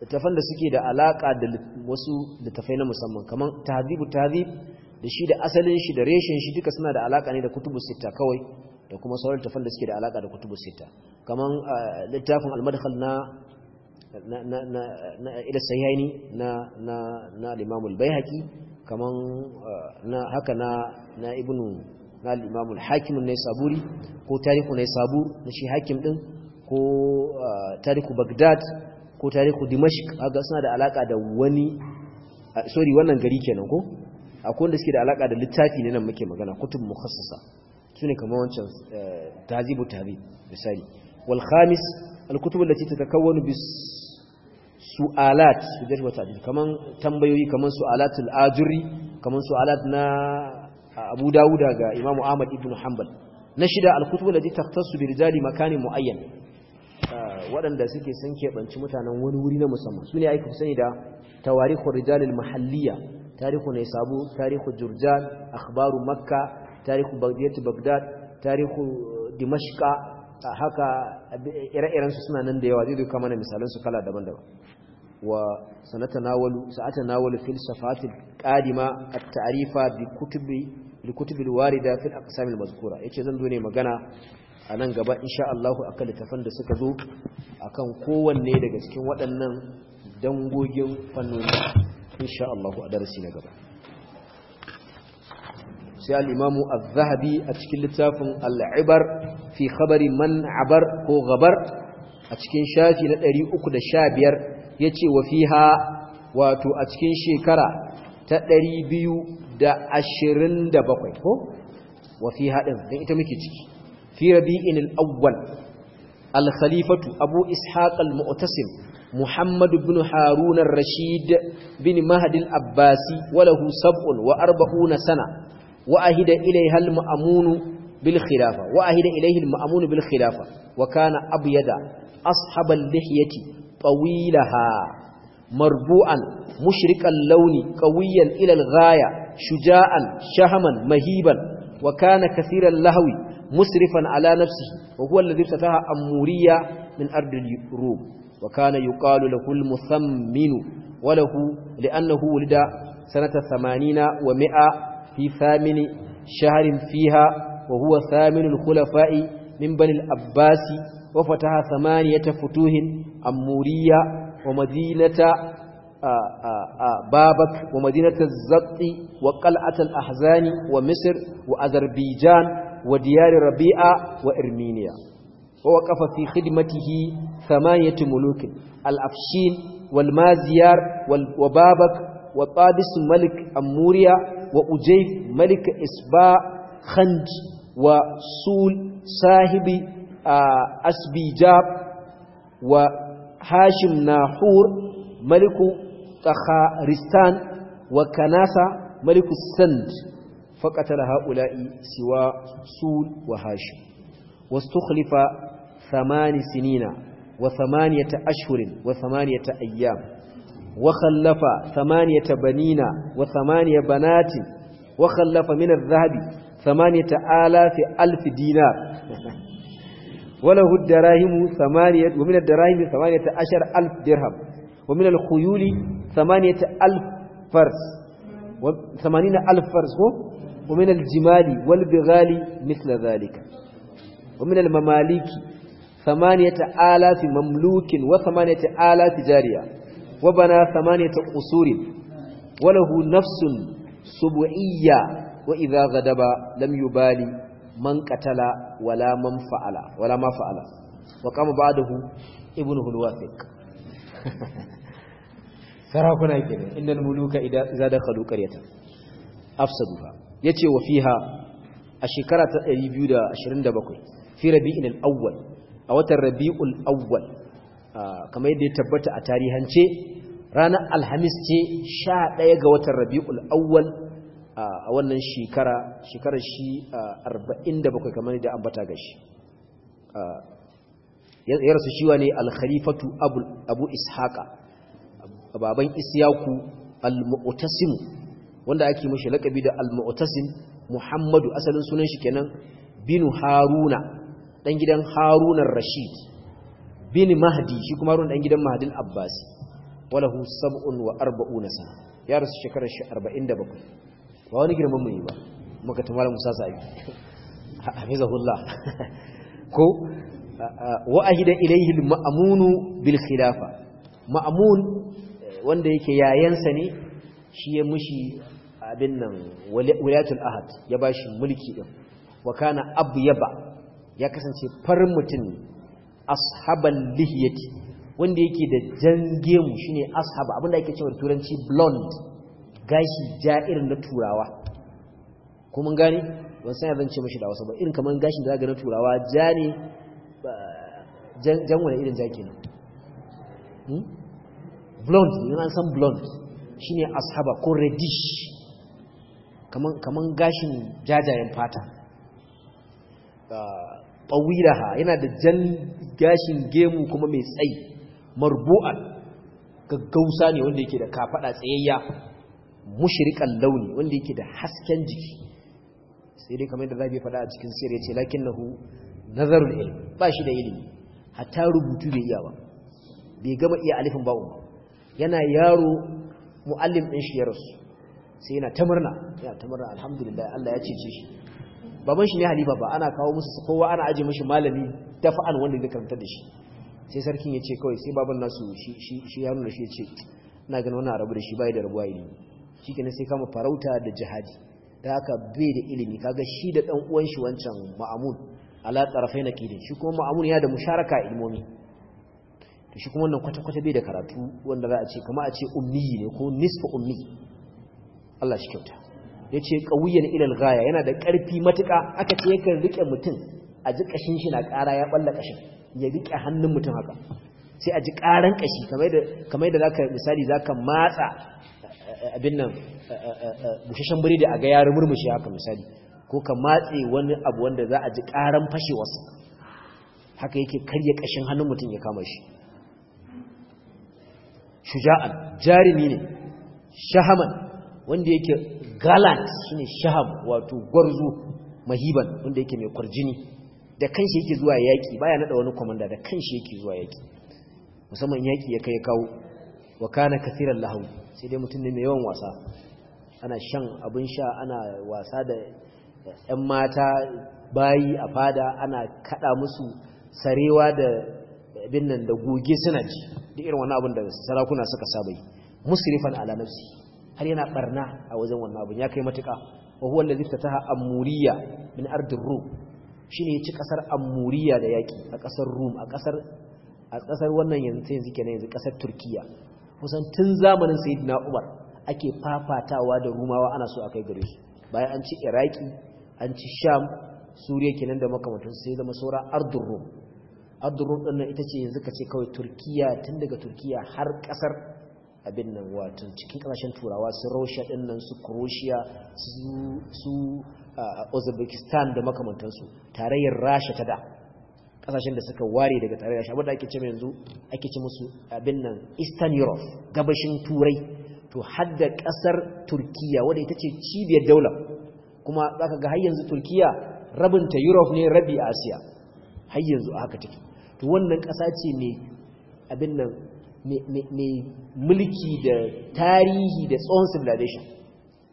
littafan da suke da alaƙa da wasu littafai na musamman kamar ta kaman ta tahdhib da shi da asalin shi da reshen shi duka suna da alaƙa ne da kutubun sita kawai da kuma sauran littafan da suke da alaƙa da kutubun sita kaman littafin al-madkhal na na na na ila sahihaini na na na al-imam al kaman eh, na haka na na ibnu na al-imam al-hakim an-naisaburi ko tarihu naisabur na shi hakim din ko eh, tarihu bagdad ko tarihu dimashq kaga suna da alaka da wani eh, sorry wannan gari kenan ko akwai wanda suke da alaka da littafi ne nan muke magana kutub mukhassasa sune kamar wancan tazibu tabi misali wal khamis al-kutub allati tatakawwanu bis su'alat bidar wata ajil kaman tambayoyi kaman su'alatul ajuri kaman su'alat na Abu Dawud ga Imam Ahmad ibn Hanbal na shida al-kutub allati takhtassu bi rijali makani muayyan waɗanda suke san mutanen wani wuri na musamman su ne aiki ku sani da tawarihun rijalil mahalliya tarihu ne sabu tarihu jurjan akhbaru makka tarihu bagdiyatu bagdad tarihu eh, dimashqa haka ire-iren su suna nan da yawa zai duka mana misalan su kala daban-daban وسنتناول سأتناول في الصفحات القادمة التعريف بكتب لكتب الواردة في zan المذكورة يتشي magana a anan gaba insha Allah akan littafan da suka zo akan kowanne daga cikin waɗannan dangogin fannoni insha Allah a darasi na gaba sai al-Imam Az-Zahabi a cikin littafin Al-Ibar fi khabari man abar ko gabar a cikin shafi na 315 ya ce wa wato a cikin shekara ta 227 ko wa fiha ɗin don ita muke ciki fi rabi'in al'awwal al-khalifatu abu ishaq al muhammadu muhammad ibn rashid bin mahdi abbasi walahu sab'un wa arba'una sana wa ahida ilayha al-ma'mun بالخلافة وأهد إليه المأمون بالخلافة وكان abyada أصحب اللحية طويلها مربوعا مشرق اللون قويا إلى الغاية شجاعا شهما مهيبا وكان كثير اللهو مسرفا على نفسه وهو الذي ابتتاها أمورية من أرض الروم وكان يقال له المثمن وله لأنه ولد سنة ثمانين ومئة في ثامن شهر فيها وهو ثامن الخلفاء من بني الأباس وفتح ثمانية فتوه أمورية ومدينة بابك ومدينة الزط وقلعة الأحزان ومصر وأذربيجان وديار ربيعة وإرمينيا ووقف في خدمته ثمانية ملوك الأفشين والمازيار وبابك وطادس ملك أموريا وأجيب ملك إسباء خنج وصول صاحب asbijab wa hashim nahur maliku takharistan wa kanasa maliku sand faƙatar ha'ula'i siwa sul wa hashim wasu tukhlifa thamani sinina wa thamaniyata ashurin wa thamaniyata ayyam wa khallafa thamaniyata banina wa thamaniya banatin wa khallafa min adh-dhahabi thamaniyata alafi alfi dinar وله الدراهم ثمانية ومن الدراهم ثمانية عشر ألف درهم ومن الخيول ثمانية ألف فرس ثمانين ألف فرس ومن الجمال والبغال مثل ذلك ومن المماليك ثمانية آلاف مملوك وثمانية آلاف جارية وبنى ثمانية قصور وله نفس سبعية وإذا غدب لم يبالي man qatala wala man fa'ala wala ma fa'ala wa kama qama hu ibn hulwafiq [LAUGHS] sarakuna kenan innal muluka idza dakhalu qaryatan afsaduha yace wa fiha a shekara ta 227 fi rabi'in al-awwal a watan rabi'ul awwal kamar yadda ya tabbata a tarihance ranar alhamis ce 11 ga watan rabi'ul awwal a wannan shekara shekarar shi arba'in da bakwai kamar da ambata gashi ya rasu shiwa ne Alkhalifatu abu abu a baban isyaku al-mu'tasim wanda ake mashi lakabi da al-mu'tasim muhammadu asalin sunan shi kenan bin haruna dan gidan harunan rashid bin mahdi shi kuma harunan dan gidan mahdin abbasi walahu sab'un wa arba'una sana ya rasu shekarar shi arba'in da bakwai. ba wani girman mu ba muka ta malam musa sa'i hafizahullah ko wa ahida ilayhi ma'amunu mamunu bil khilafa ma'mun eh, wanda yake yayansa ne shi ya mushi abin nan wilayatul ahad ya bashi mulki ɗin wa kana abyaba ya kasance farin mutum ashaban lihiyati wanda yake da jangemu shine ashaba abinda yake cewa turanci blonde gashi ja irin na turawa ko mun gane ban san zan ce mashi da wasu ba irin kamar gashin da za ga na turawa ja ne jan wani irin ja hmm? blond ne yana san blonde shine ashaba ko reddish kaman gashin jajayen fata ɓawiraha yana da jan gashin gemu kuma mai tsayi marbu'an gaggausa ne wanda yake da kafaɗa tsayayya mushrikan launi wanda yake da hasken jiki sai dai kamar da zabi faɗa a cikin sirri yace lakinnahu nazarul ilm ba shi da ilimi hatta rubutu bai iya ba bai gama iya alifin ba umma yana yaro muallim din shi ya rasu sai yana ta murna yana ta murna alhamdulillah Allah ya cece shi baban shi ne halifa ba ana kawo musu kowa ana aje mishi malami dafa'an wanda zai karanta da shi sai sarkin ya ce kawai sai baban nasu shi ya nuna shi ya ce ina ganin wannan rabu da shi bai da rabuwa ilimi shi kenan sai kama farauta da jihadi da haka bai da ilimi kaga shi da ɗan uwan shi wancan ma'amun ala tsarafai na kidin shi kuma ma'amun ya da musharaka ilmomi to shi kuma wannan kwata-kwata bai da karatu wanda za a ce kama a ce ummi ne ko nisfa ummi Allah shi kyauta ya ce ƙauyen ilal gaya yana da ƙarfi matuƙa aka ce yakan riƙe mutum a ji ƙashin shi na ƙara ya ɓalla ƙashin ya riƙe hannun mutum haka sai a ji ƙaran ƙashi kamar yadda za ka misali za ka matsa abin nan eh, eh, eh, bushashen biredi a ga yarin murmushi haka misali ko ka matse wani abu wanda za a ji karan fashewarsa haka yake karya kashin hannun mutum ya kama shi shuja'an jarimi ne shahaman wanda yake galant shine shaham wato gwarzo mahiban wanda yake mai kwarjini da kanshi yake zuwa yaki baya nada wani komanda da kanshi yake zuwa yaki musamman yaki ya kai kawo wa kana kathiran lahawu sai dai mutum ne mai yawan wasa ana shan abin sha ana wasa da 'yan mata bayi a fada ana kada musu sarewa da abin nan da goge suna ci duk irin wani abin da sarakuna suka saba yi musrifan ala nafsi har yana barna a wajen wannan abin ya kai matuka wa huwa allazi fataha amuriya min ardir rum shine ya ci kasar amuriya da yaki a kasar rum a kasar a kasar wannan yanzu yanzu kenan yanzu kasar turkiya kusan tun zamanin na umar ake fafatawa da rumawa ana so a kai gare su bayan an ci iraki an ci sham suriya kenan da makamantan sai zama saura ardun rum ardun rum ita ce yanzu ka ce kawai turkiya tun daga turkiya har ƙasar abin nan wato cikin ƙasashen turawa su russia ɗin nan su croatia su uh, uzbekistan da makamantansu tarayyar rasha ta da kasashen da suka ware daga tarayyar shi abinda ake ce yanzu ake ce musu abin nan eastern europe gabashin turai to hadda kasar turkiya wadda ita ce cibiyar daula kuma zaka ga har yanzu rabin ta europe ne rabi asiya har yanzu haka take to wannan kasa ce mai abin nan mai mulki da tarihi da tsohon civilization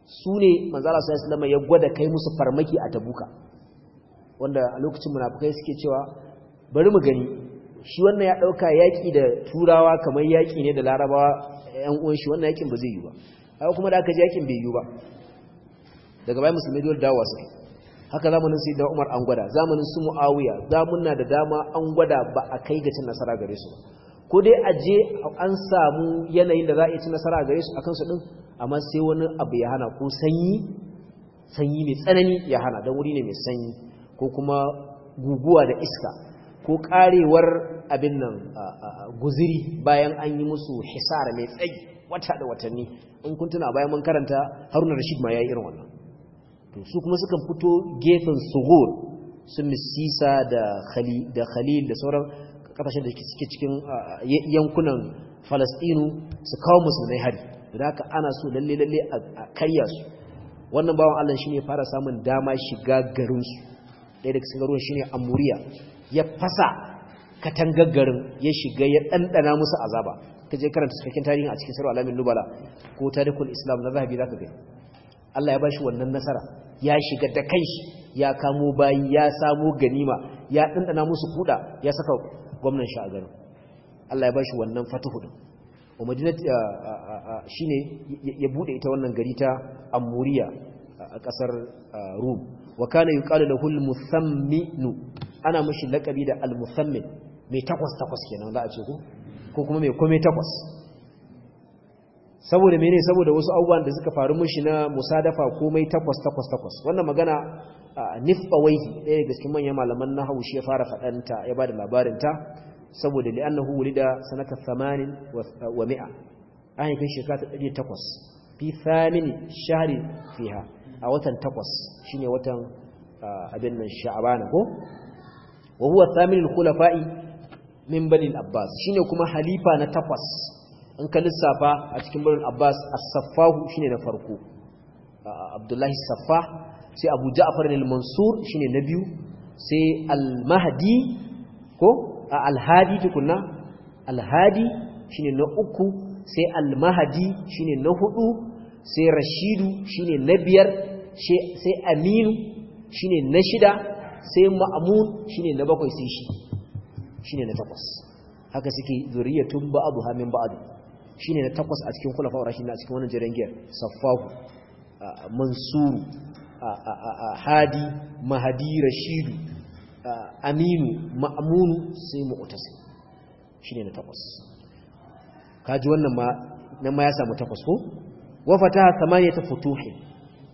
su ne manzala sallallahu alaihi wasallam ya gwada kai musu farmaki a tabuka wanda a lokacin munafukai suke cewa bari mu gani shi wannan ya ɗauka yaki da turawa kamar yaƙi ne da larabawa yan uwan shi wannan yakin ba zai yi ba ai kuma da aka ji yakin bai yi ba daga bayan musulmi dole dawo su haka zamanin sai da Umar an gwada zamanin su Muawiya na da dama an gwada ba a kai ga cin nasara gare su ko dai a je an samu yanayin da za a yi cin nasara gare su akan su din amma sai wani abu ya hana ko sanyi sanyi mai tsanani ya hana don wuri ne mai sanyi ko kuma guguwa da iska ko karewar abin nan guziri bayan an yi musu hisara mai tsayi wata da watanni in kun tuna bayan mun karanta haruna rashid ma ya yi irin wannan to su kuma sukan fito gefen sugur su misisa da da khalil da sauran kasashen da suke cikin yankunan falastinu su kawo musulmai hari da haka ana so lalle lalle a karya su wannan bawan allah shine fara samun dama shiga garinsu ɗaya daga cikin shi shine amuriya ya fasa katangar garin ya shiga ya ɗanɗana musu azaba ka je karanta cikakken tarihin a cikin sarwa alamin nubala ko tarikul islam na zahabi ka gani Allah ya bashi wannan nasara ya shiga da kanshi ya kamo bayi ya samo ganima ya ɗanɗana musu kuɗa ya saka gwamnan shi a garin Allah ya bashi wannan fatuhu din Madinat shine ya buɗe ita wannan gari ta Amuriya a kasar Rum wa kana yuqalu lahu muthamminu ana mushi lakabi da al-musammin mai takwas takwas kenan za a ce ko ko kuma mai kome takwas saboda mene saboda wasu abubuwan da suka faru mushi na musadafa komai takwas takwas takwas wannan magana nifba waihi ɗaya daga cikin manyan malaman na haushi ya fara faɗanta ya ba da labarinta saboda li'annahu wulida sanata 80 wa 100 an kan shekara ta 800 fi thamini shahri fiha a watan takwas shine watan abin nan sha'abana ko wa Saminu thaminul khulafa'i min bani abbas shine kuma halifa na takwas in ka lissafa a cikin bani abbas as-saffahu shine na farko abdullahi saffa sai abu ja'far al-mansur shine na biyu sai al-mahdi ko al-hadi tukunna al-hadi shine na uku sai al-mahdi shine na hudu sai rashidu shine na biyar sai aminu shine na shida sai ma'amun shine na bakwai sai shi shine na takwas haka suke zuriyatun ba'adu hamin ba'adu shine na takwas a cikin kulafa rashin na cikin wannan giyar saffahu mansuru hadi mahadi rashidu aminu ma'amunu sai shi shine na takwas kaji wannan ma nan ma ya samu takwas ko wa fataha samaniyata futuhin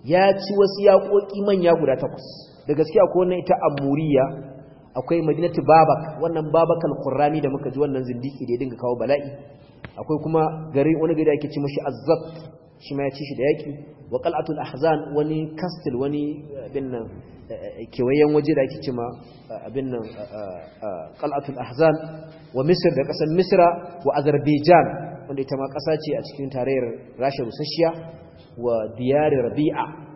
ya ci wasu yaƙoƙi manya guda takwas da gaske akwai wannan ita amuriya akwai madinatu babak wannan babak alqurani da muka ji wannan zindiki da ya dinga kawo bala'i akwai kuma garin wani gari ake ci mashi azzab shi ma ya ci shi da yaki wa qal'atul ahzan wani castle wani abin nan eh, kewayen waje da ake ci eh, abin nan eh, qal'atul ahzan wa misr da kasar misra wa azerbaijan wanda ita ma kasa ce a cikin tarayyar rasha rusasshiya wa diyar rabi'a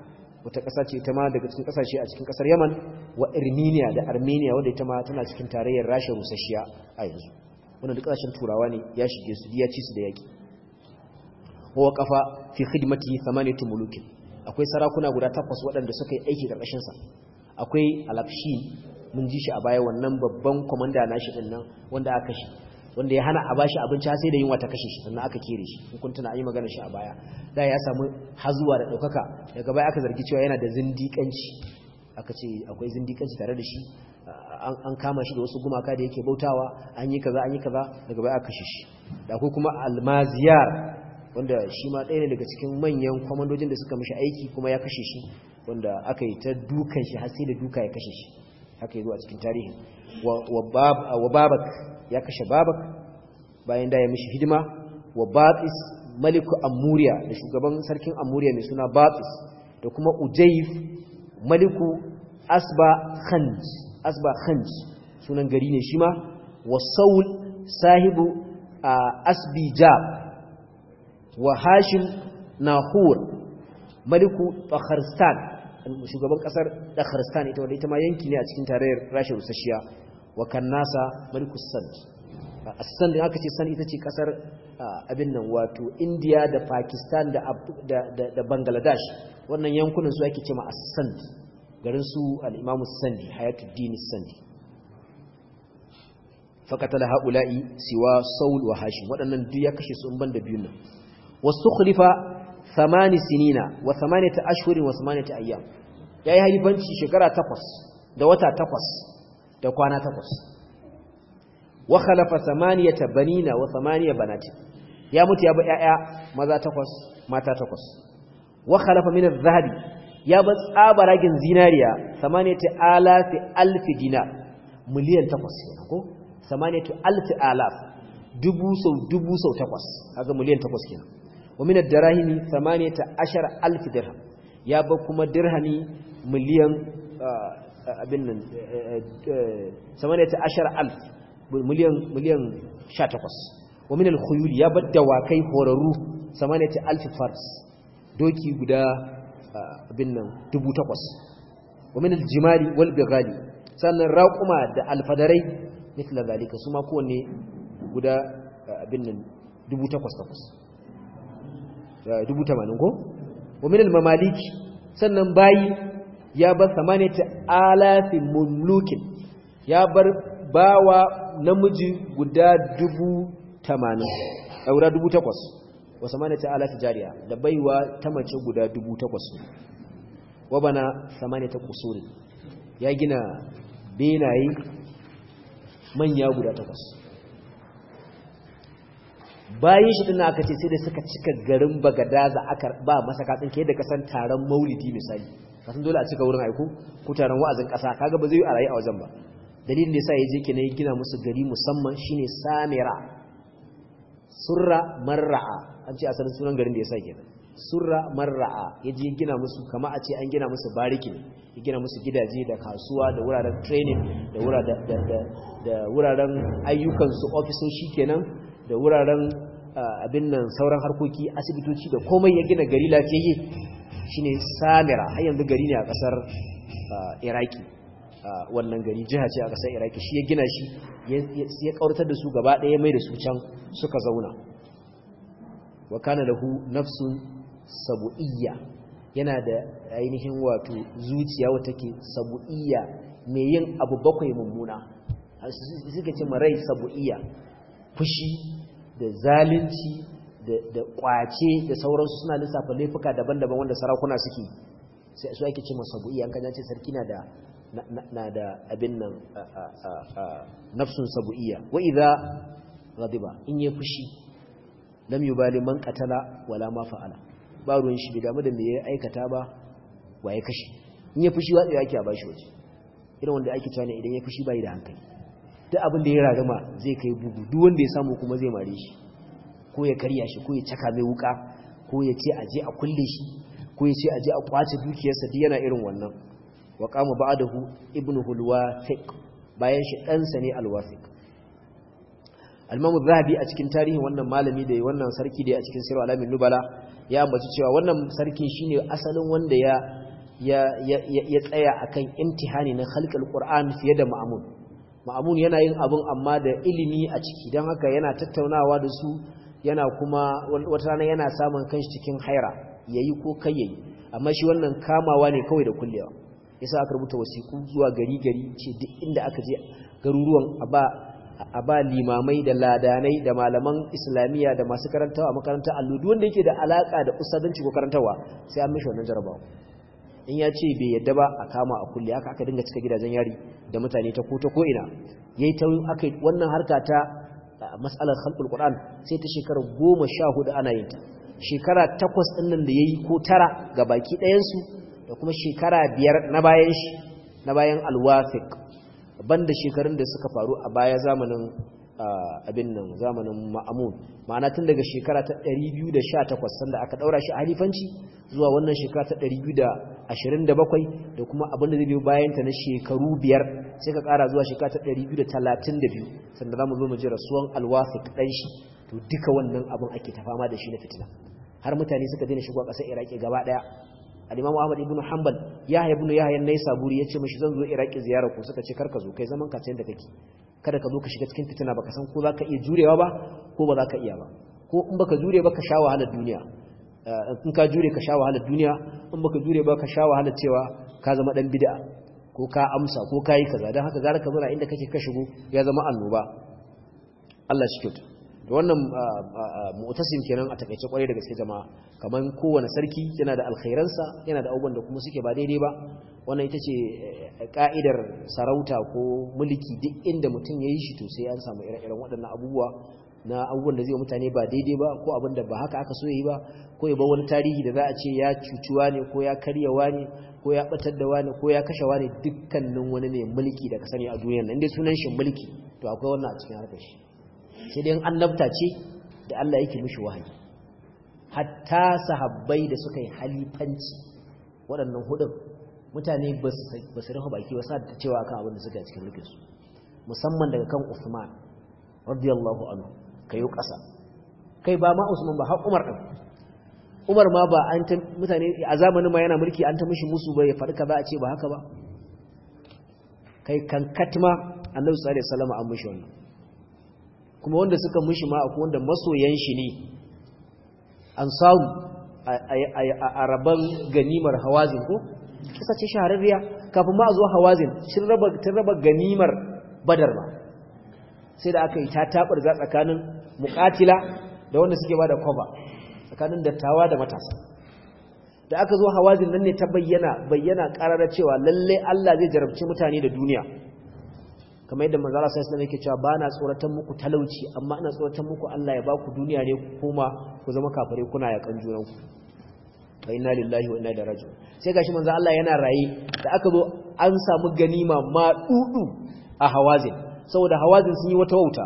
wata ƙasa ce ta ma daga cikin ƙasashe a cikin ƙasar yaman wa Armenia da armenia wadda ita ma tana cikin tarayyar rashin rusashiya a yanzu wannan duk ƙasashen turawa ne ya shige su ya ci su da yaƙi wa kafa fi khidmati thamaniyatu mulukin akwai sarakuna guda takwas waɗanda suka yi aiki ƙarƙashin sa akwai alafshi mun ji shi a baya wannan babban komanda shi ɗin nan wanda aka shi wanda ya hana a bashi abinci sai da yunwa ta kashe shi sannan aka kere shi in kun tuna an yi magana shi a baya da ya samu hazuwa da daukaka daga baya aka zargi cewa yana da zindiƙanci aka ce akwai zindiƙanci tare da shi an kama shi da wasu gumaka da yake bautawa an yi kaza an yi kaza daga baya aka kashe shi da akwai kuma almaziyar wanda shi ma ɗaya ne daga cikin manyan kwamandojin da suka mishi aiki kuma ya kashe shi wanda aka yi ta dukan shi har sai da duka ya kashe shi haka yi zuwa cikin tarihin wa babak ya kashe babak bayan da ya mishi hidima wa batis maliku amuriya da shugaban sarkin amuriya mai suna batis da kuma ujayif maliku asba khanj sunan gari ne shi ma wa saul sahibu asbijab wa hashim nahur maliku fakharstan shugaban kasar dakharstan ita wadda ita ma yanki ne a cikin tarayyar rashin rusashiya wa kannasa malikus sand sand da aka ce sand ita ce kasar abin nan wato India da Pakistan da da Bangladesh wannan yankunan su ake cewa as-sand garin su al-Imam as-Sandi Hayatuddin as-Sandi fakatala haula'i siwa Saul wa Hashim waɗannan duk ya kashe su in banda biyun nan wastukhlifa thamani sinina wa thamaniyata ashhurin wa thamaniyata ayyam yayi halifanci shekara takwas da wata takwas da kwana takwas wa khalafa samaniyata banina wa samaniya banati ya mutu ya bi ƴaƴa maza takwas mata takwas wa khalafa min adh-dhahabi ya bi tsabaragin zinariya samaniyata alafi alfi dina miliyan takwas ko samaniyata alfi alaf dubu sau dubu sau takwas kaga miliyan takwas kenan wa min ad dirahimi samaniyata ashara alfi dirham ya ba kuma dirhami miliyan ah, abin nan eh, eh, eh, samaniya ta ashar alf miliyan sha takwas wa min al ya badda wakai horaru samaniya ta alf fars doki guda abin nan takwas. wa min al-jimali wal sannan raƙuma da alfadarai mithla zalika ma kowanne guda abin nan 8800 dubu 80 ko wa min al sannan bayi ya bar samaniyata alafin mulukin ya bar bawa namiji guda dubu tamanin guda dubu takwas wa samaniyata alafin jariya da baiwa ta mace guda dubu takwas wa bana ta kusuri ya gina benaye manya guda takwas bayan shi dana aka ce sai da suka cika garin za aka ba masa katsin ke da kasan taron maulidi misali kasan dole a cika wurin aiku ko taron wa'azin kasa kaga ba zai yi a rayu a wajen ba dalilin da yasa ya je kenan gina musu gari musamman shine samira surra marra'a an ce asalin sunan garin da yasa kenan surra marra'a ya je gina musu kama a ce an gina musu bariki ne ya gina musu gidaje da kasuwa da wuraren training da wuraren ayyukan su ofisoshi kenan da wuraren ah, abin nan sauran harkoki asibitoci da komai ya gina gari lafiyayye shine samira har yanzu gari ne a kasar ah, iraki ah, wannan gari jiha ce a kasar iraki shi ya gina shi ya kawartar da su gaba ɗaya mai da su can suka zauna wa kana hu nafsun sabu'iyya yana da ainihin wato zuciya wata ke sabu'iyya mai yin abu bakwai mummuna suka ce marai sabu'iyya fushi da zalunci da kwace da sauransu suna lissafa laifuka daban-daban wanda sarakuna suke sai su ake ce sabu'i an kaje ce sarki na da na da abin nan nafsun sabu'iya wa idza ghadiba in ya fushi lam yubali man qatala wala ma fa'ala ba ruwan shi da da me ya aikata ba wa ya kashi in ya fushi watsi yake a bashi waje irin wanda ake cewa ne idan ya fushi bai da hankali duk abin da ya rarama zai kai bugu duk wanda ya samu kuma zai mare shi ko ya karya shi ko ya caka mai wuka ko ya ce aje a kulle shi ko ya ce aje a kwace dukiyarsa duk yana irin wannan wa qama ba'dahu ibnu hulwafiq bayan shi ɗansa ne alwafiq al-imamu zahabi a cikin tarihin wannan malami da wannan sarki da a cikin sirru alamin nubala ya ambaci cewa wannan sarki shine asalin wanda ya ya ya tsaya akan imtihani na khalqul qur'an fiye da ma'mun ma'mun yana yin abun amma da ilimi a ciki dan haka yana tattaunawa da su yana kuma wata rana yana samun shi cikin haira yayi ko kai yayi amma shi wannan kamawa ne kawai da kullewa yasa aka rubuta wasiku zuwa gari gari ce duk inda aka je garuruwan aba ba limamai da ladanai da malaman islamiyya da masu karantawa a makarantar alludu wanda yake da alaka da usadanci ko karantawa sai an mishi wannan jarabawa in ya ce bai yadda ba a kama a kulle aka dinga cika gidajen yari da mutane ta ko ta ko ina yayi ta wannan harka ta mas'alar khalqul qur'an sai ta shekara goma sha hudu ana yin ta shekara takwas ɗin nan da yayi ko tara ga baki ɗayansu da kuma shekara biyar na bayan shi na bayan alwafiq banda shekarun da suka faru a baya zamanin abin nan zamanin ma'amun ma'ana tun daga shekara ta 218 sanda aka daura shi a halifanci zuwa wannan shekara ta 227 da kuma abin da zai biyo bayan ta na shekaru biyar sai ka kara zuwa shekara ta 232 sanda zamu zo mu ji rasuwan alwasa kaɗan shi to duka wannan abin ake ta fama da shi na fitina har mutane suka daina shigo ƙasar Iraki gaba daya al-Imam Ahmad ibn Hanbal Yahya ibn Yahya Naysaburi yace mishi zan zo Iraki ziyara ku suka ce karka zo kai zaman ka da kake kada ka zo ka shiga cikin fitina baka san ko zaka iya jurewa ba ko ba zaka iya ba ko in baka jure ba ka sha wahalar duniya eh, in ka jure ka sha wahalar duniya in baka jure ba ka sha wahalar cewa ka zama dan bid'a ko ka amsa ko kai kaza dan haka gara ka zura inda kake ka shigo ya zama annoba Allah shi kyauta da wannan mu'tasim kenan a takaice kwarai da gaske jama'a kaman kowane sarki yana da alkhairansa yana da abubuwan da kuma suke ba daidai ba wannan ita ce eh, ka'idar sarauta ko mulki duk inda mutum ya yi shi to sai an samu ire-iren waɗannan abubuwa na abubuwan da zai wa mutane ba daidai ba ko abin da ba haka aka so yi ba ko ya ba wani tarihi da za a ce ya cucuwa ne ko ya karyawa ne ko ya batar da wani ko ya kashewa ne dukkanin wani ne mulki da ka sani a duniyar nan inda sunan shi mulki to akwai wannan a cikin harkar shi sai dai annabta ce da Allah yake mishi wahayi hatta sahabbai da suka yi halifanci waɗannan hudun mutane ba su rufe baki ba sa da cewa kan abin da suka cikin rikinsu musamman daga kan Usman radiyallahu anhu yi ƙasa kai ba ma Usman ba har Umar din Umar ma ba an ta mutane a zamanin ma yana mulki an ta mishi musu ba ya faɗi ba a ce ba haka ba kai kankat ma Annabi sallallahu alaihi wasallam an mishi wannan kuma wanda suka mushi ma akwai wanda masoyan shi ne an samu a rabon ganimar hawazin ko kisa ce shahararriya kafin ma a zo hawazin ta raba ganimar badar ba sai da aka yi ta tabar za tsakanin mukatila da wanda suke ba da kwaba tsakanin dattawa da matasa da aka zo hawazin nan ne ta bayyana bayyana karara cewa lallai Allah zai jarabci mutane da duniya kamar yadda manzo Allah sallallahu alaihi wasallam yake cewa bana tsoratar muku talauci amma ina tsoratar muku Allah ya baku duniya ne ku koma ku zama kafare kuna yakan junan ku fa inna lillahi wa inna ilaihi raji'un sai gashi manzo Allah yana raye da aka zo an samu ganima ma dudu a hawazin saboda hawazin sun yi wata wauta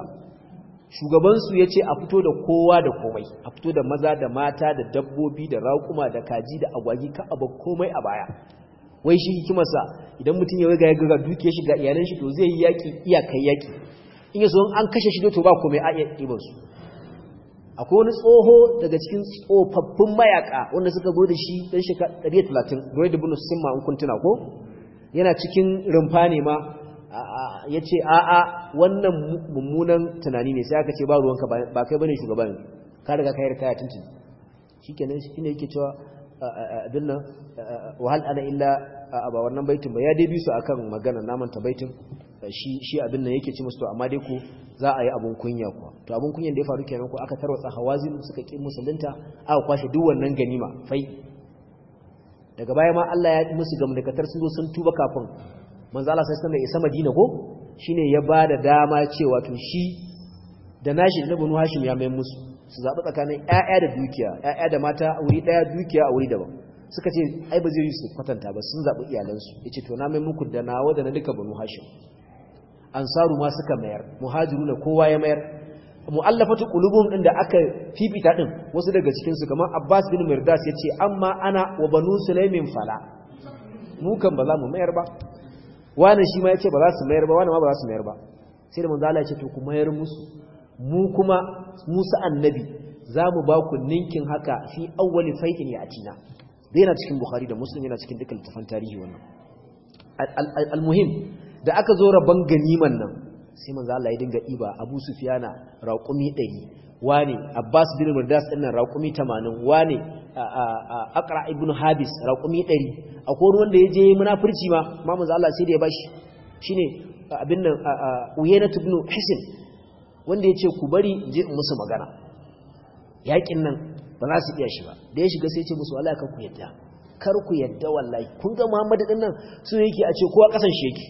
shugaban su yace a fito da kowa da komai a fito da maza da mata da dabbobi da raƙuma da kaji da agwagi ka aba komai a baya wai shi hikimarsa idan mutum ya waga ya ga dukiyar shi ga iyalan shi to zai yi yaki iyakai yaki in yaso an kashe shi to ba komai a iya ɗiban su akwai wani tsoho daga cikin tsofaffin mayaka wanda suka zo da shi dan shekara 130 da Simma in kun tuna ko yana cikin rumfa ne ma ya ce a'a wannan mummunan tunani ne sai aka ce ba ruwanka ba kai bane shugaban ka riga ka yi tuntun shi kenan shi ne yake cewa abin nan wahal ana illa ba wannan baitin ba ya dai su akan magana naman ta baitin shi shi abin nan yake ci musu to amma dai ku za a yi abun kunya kuwa to abun kunyan da ya faru kenan ku aka tarwatsa hawazin suka ki musulunta aka kwashe duk wannan ganima fai daga baya ma Allah ya yi musu mulkatar sun zo sun tuba kafin manzo Allah sai sanar isa Madina ko shine ya bada dama cewa to shi da nashi da Banu Hashim ya mai musu su zaɓi tsakanin ‘ya'ya da dukiya ‘ya'ya da mata a wuri ɗaya dukiya a wuri daban suka ce ai ba zai yi su kwatanta ba sun zaɓi iyalansu ya ce to mai muku da na da na duka banu an ansaru ma suka mayar muhajiru na kowa ya mayar mu'allafatu kulubun din da aka fifita din wasu daga cikin su kamar Abbas bin Mirdas ce, amma ana wa banu Sulaimin fala mu ba za mu mayar ba wani shi ma ce ba za su mayar ba wani ma ba za su mayar ba sai da manzo Allah ya ce to ku mayar musu mu kuma musa annabi za mu ba ku ninkin haka fi awwali faikin ya atina zai yana cikin bukhari da muslim yana cikin dukkan littafan tarihi wannan almuhim da aka zo rabon ganiman nan sai manzo Allah ya dinga iba Abu Sufyana raqumi 100 wane Abbas bin Murdas din nan raqumi 80 wane Aqra ibn Habis raqumi 100 akwai ruwan da je munafurci ma ma manzo Allah sai da ya bashi shine abin nan Uyaynah ibn Hisn wanda ya ce ku bari je in musu magana yaƙin nan ba za su iya shi ba da ya shiga sai ce musu wala ku yadda kar ku yadda wallahi kun ga muhammadu ɗin nan su yake a ce kowa ƙasan shi yake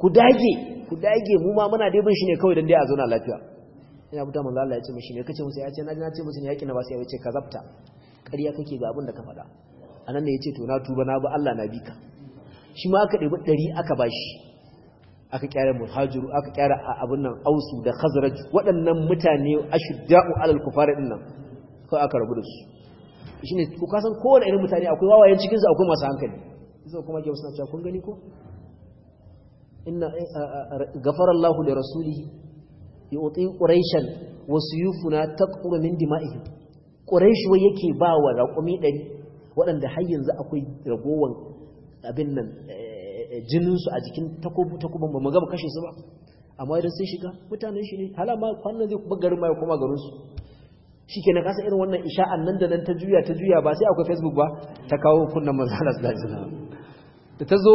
ku dage ku dage mu ma muna dai bin shi ne kawai don dai a zauna lafiya ina buta manzo Allah ya ce mishi ne kace musu ya ce na ji ce musu ne yaƙin na ba sai ya ce zabta ƙarya kake ga abin da ka faɗa anan ne ya ce to na tuba na ba Allah na bi ka shi ma aka ɗebi ɗari aka bashi aka kyara muhajiru aka kyara abin nan ausu da khazraj waɗannan mutane ashudda'u alal kufar din nan ko aka rabu da su shine ku san kowanne irin mutane akwai wawayen cikin su akwai masu hankali sai kuma ke suna cewa kun gani ko inna eh, ghafara Allahu li rasulihi yu'ti quraishan wa suyufuna taqru min dima'ihim quraish wai yake ba wa raqumi 100 waɗanda har yanzu akwai ragowan abin nan eh, Eh, jininsu a jikin takuban ba mu gaba kashe su ba amma idan sun shiga mutanen shi ne halama kwanan zai kuma garin ma ya koma garinsu shi ke na kasa irin wannan isha'an nan da nan ta juya ta juya ba sai akwai facebook ba ta kawo kunnan manzo Allah sallallahu alaihi da ta zo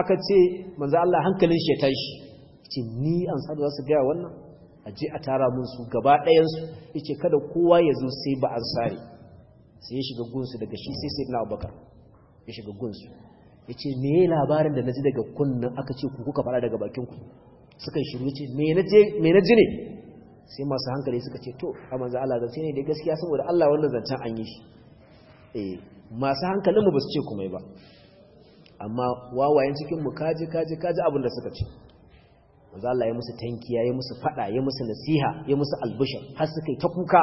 aka ce manzo Allah hankalin shi ya tashi ce ni an sadu su gaya wannan a je a tara mun su gaba ɗayan su yace kada kowa ya zo sai ba an sare sai ya shiga gunsu daga shi sai sai na Abubakar ya shiga gunsu ya ce me labarin da na ji daga kunnan aka ce ku kuka fara daga bakinku suka yi shiru ya ce me na ji ne sai masu hankali suka ce to a manzan Allah zance ne da gaskiya saboda Allah wannan zancen an yi shi eh, masu hankalinmu ba su ce kuma ba amma wawayen cikinmu kaji kaji kaji abinda suka ce manzan Allah ya musu tankiya ya musu fada ya musu nasiha ya musu albishar har suka yi ta kuka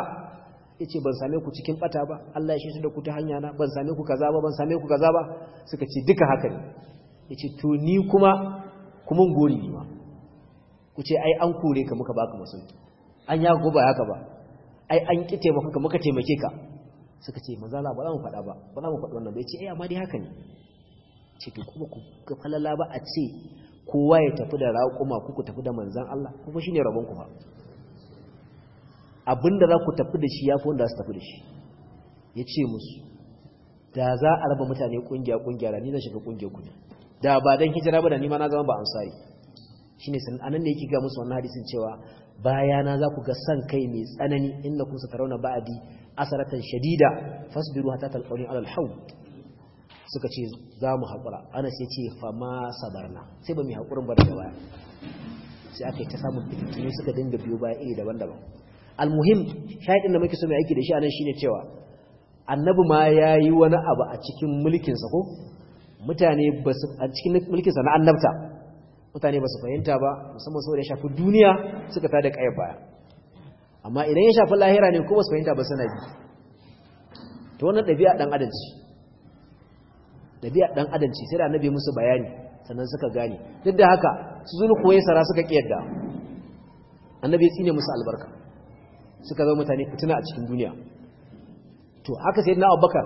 yace ban same ku cikin bata ba Allah ya shirye da ku ta hanya na ban same ku kaza ba ban same ku kaza ba suka ce duka haka ne yace to ni kuma kuma gori ne ma ku ce ai an kore ka muka baka masauki an ya goba haka ba ai an ki taimakon ka muka taimake ka suka ce mazala ba za mu faɗa ba ba za mu faɗi wannan ba yace eh amma dai haka ne ce to kuma ku ga falala ba a ce kowa ya tafi da raƙuma ku ku tafi da manzon Allah kuma shine rabon ku ba abinda za ku tafi da shi ya fi wanda za su tafi da shi ya ce musu da za a raba mutane kungiya-kungiya da ni shiga kungiya kudu da ba don hijira ba da nima na zama ba ansari shi ne anan da yake ga musu wannan hadisin cewa bayana za ku ga san kai mai tsanani inda kun satarauna ba'adi asaratan shadida fasbiru hatta talqawni alal hawd suka ce za mu haƙura anas ya ce fama sabarna sai ba mu haƙurin ba da baya sai aka yi ta samun fitintuni suka dinga biyo baya iri daban-daban almuhim shaidin da muke so mai aiki da shi anan shine cewa annabi ma yayi wani abu a cikin mulkin sa ko mutane ba su a cikin mulkin sa na annabta mutane ba su fahimta ba musamman saboda ya shafi duniya suka ta da kai baya amma idan ya shafi lahira ne ko ba su fahimta ba suna bi to wannan dabi'a dan adam ce dabi'a dan adam ce sai da annabi musu bayani sannan suka gane duk da haka su zulu koyi sara suka kiyarda annabi ya tsine musu albarka suka zama mutane fitina a cikin duniya to haka sayyidina abubakar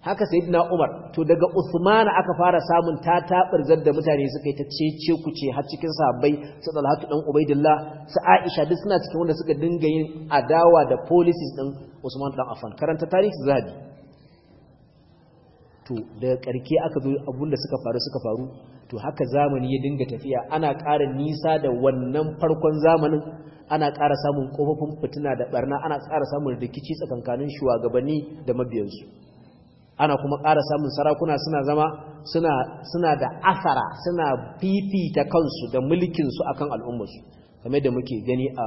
haka sayyidina umar to daga usman aka fara samun ta tabirzar da mutane suka yi ta cece ce har cikin sahabbai su talhatu dan ubaidillah su aisha duk suna cikin wanda suka dinga yin adawa da policies din usman dan affan karanta tarihi zabi to daga karke aka zo abun da suka faru suka faru to haka zamani ya dinga tafiya ana ƙara nisa da wannan farkon zamanin ana ƙara samun ƙofofin fitina da barna ana ƙara samun rikici tsakankanin shugabanni da mabiyansu ana kuma ƙara samun sarakuna suna zama suna da asara suna fifita kansu da mulkinsu akan al'ummarsu kamar da muke gani a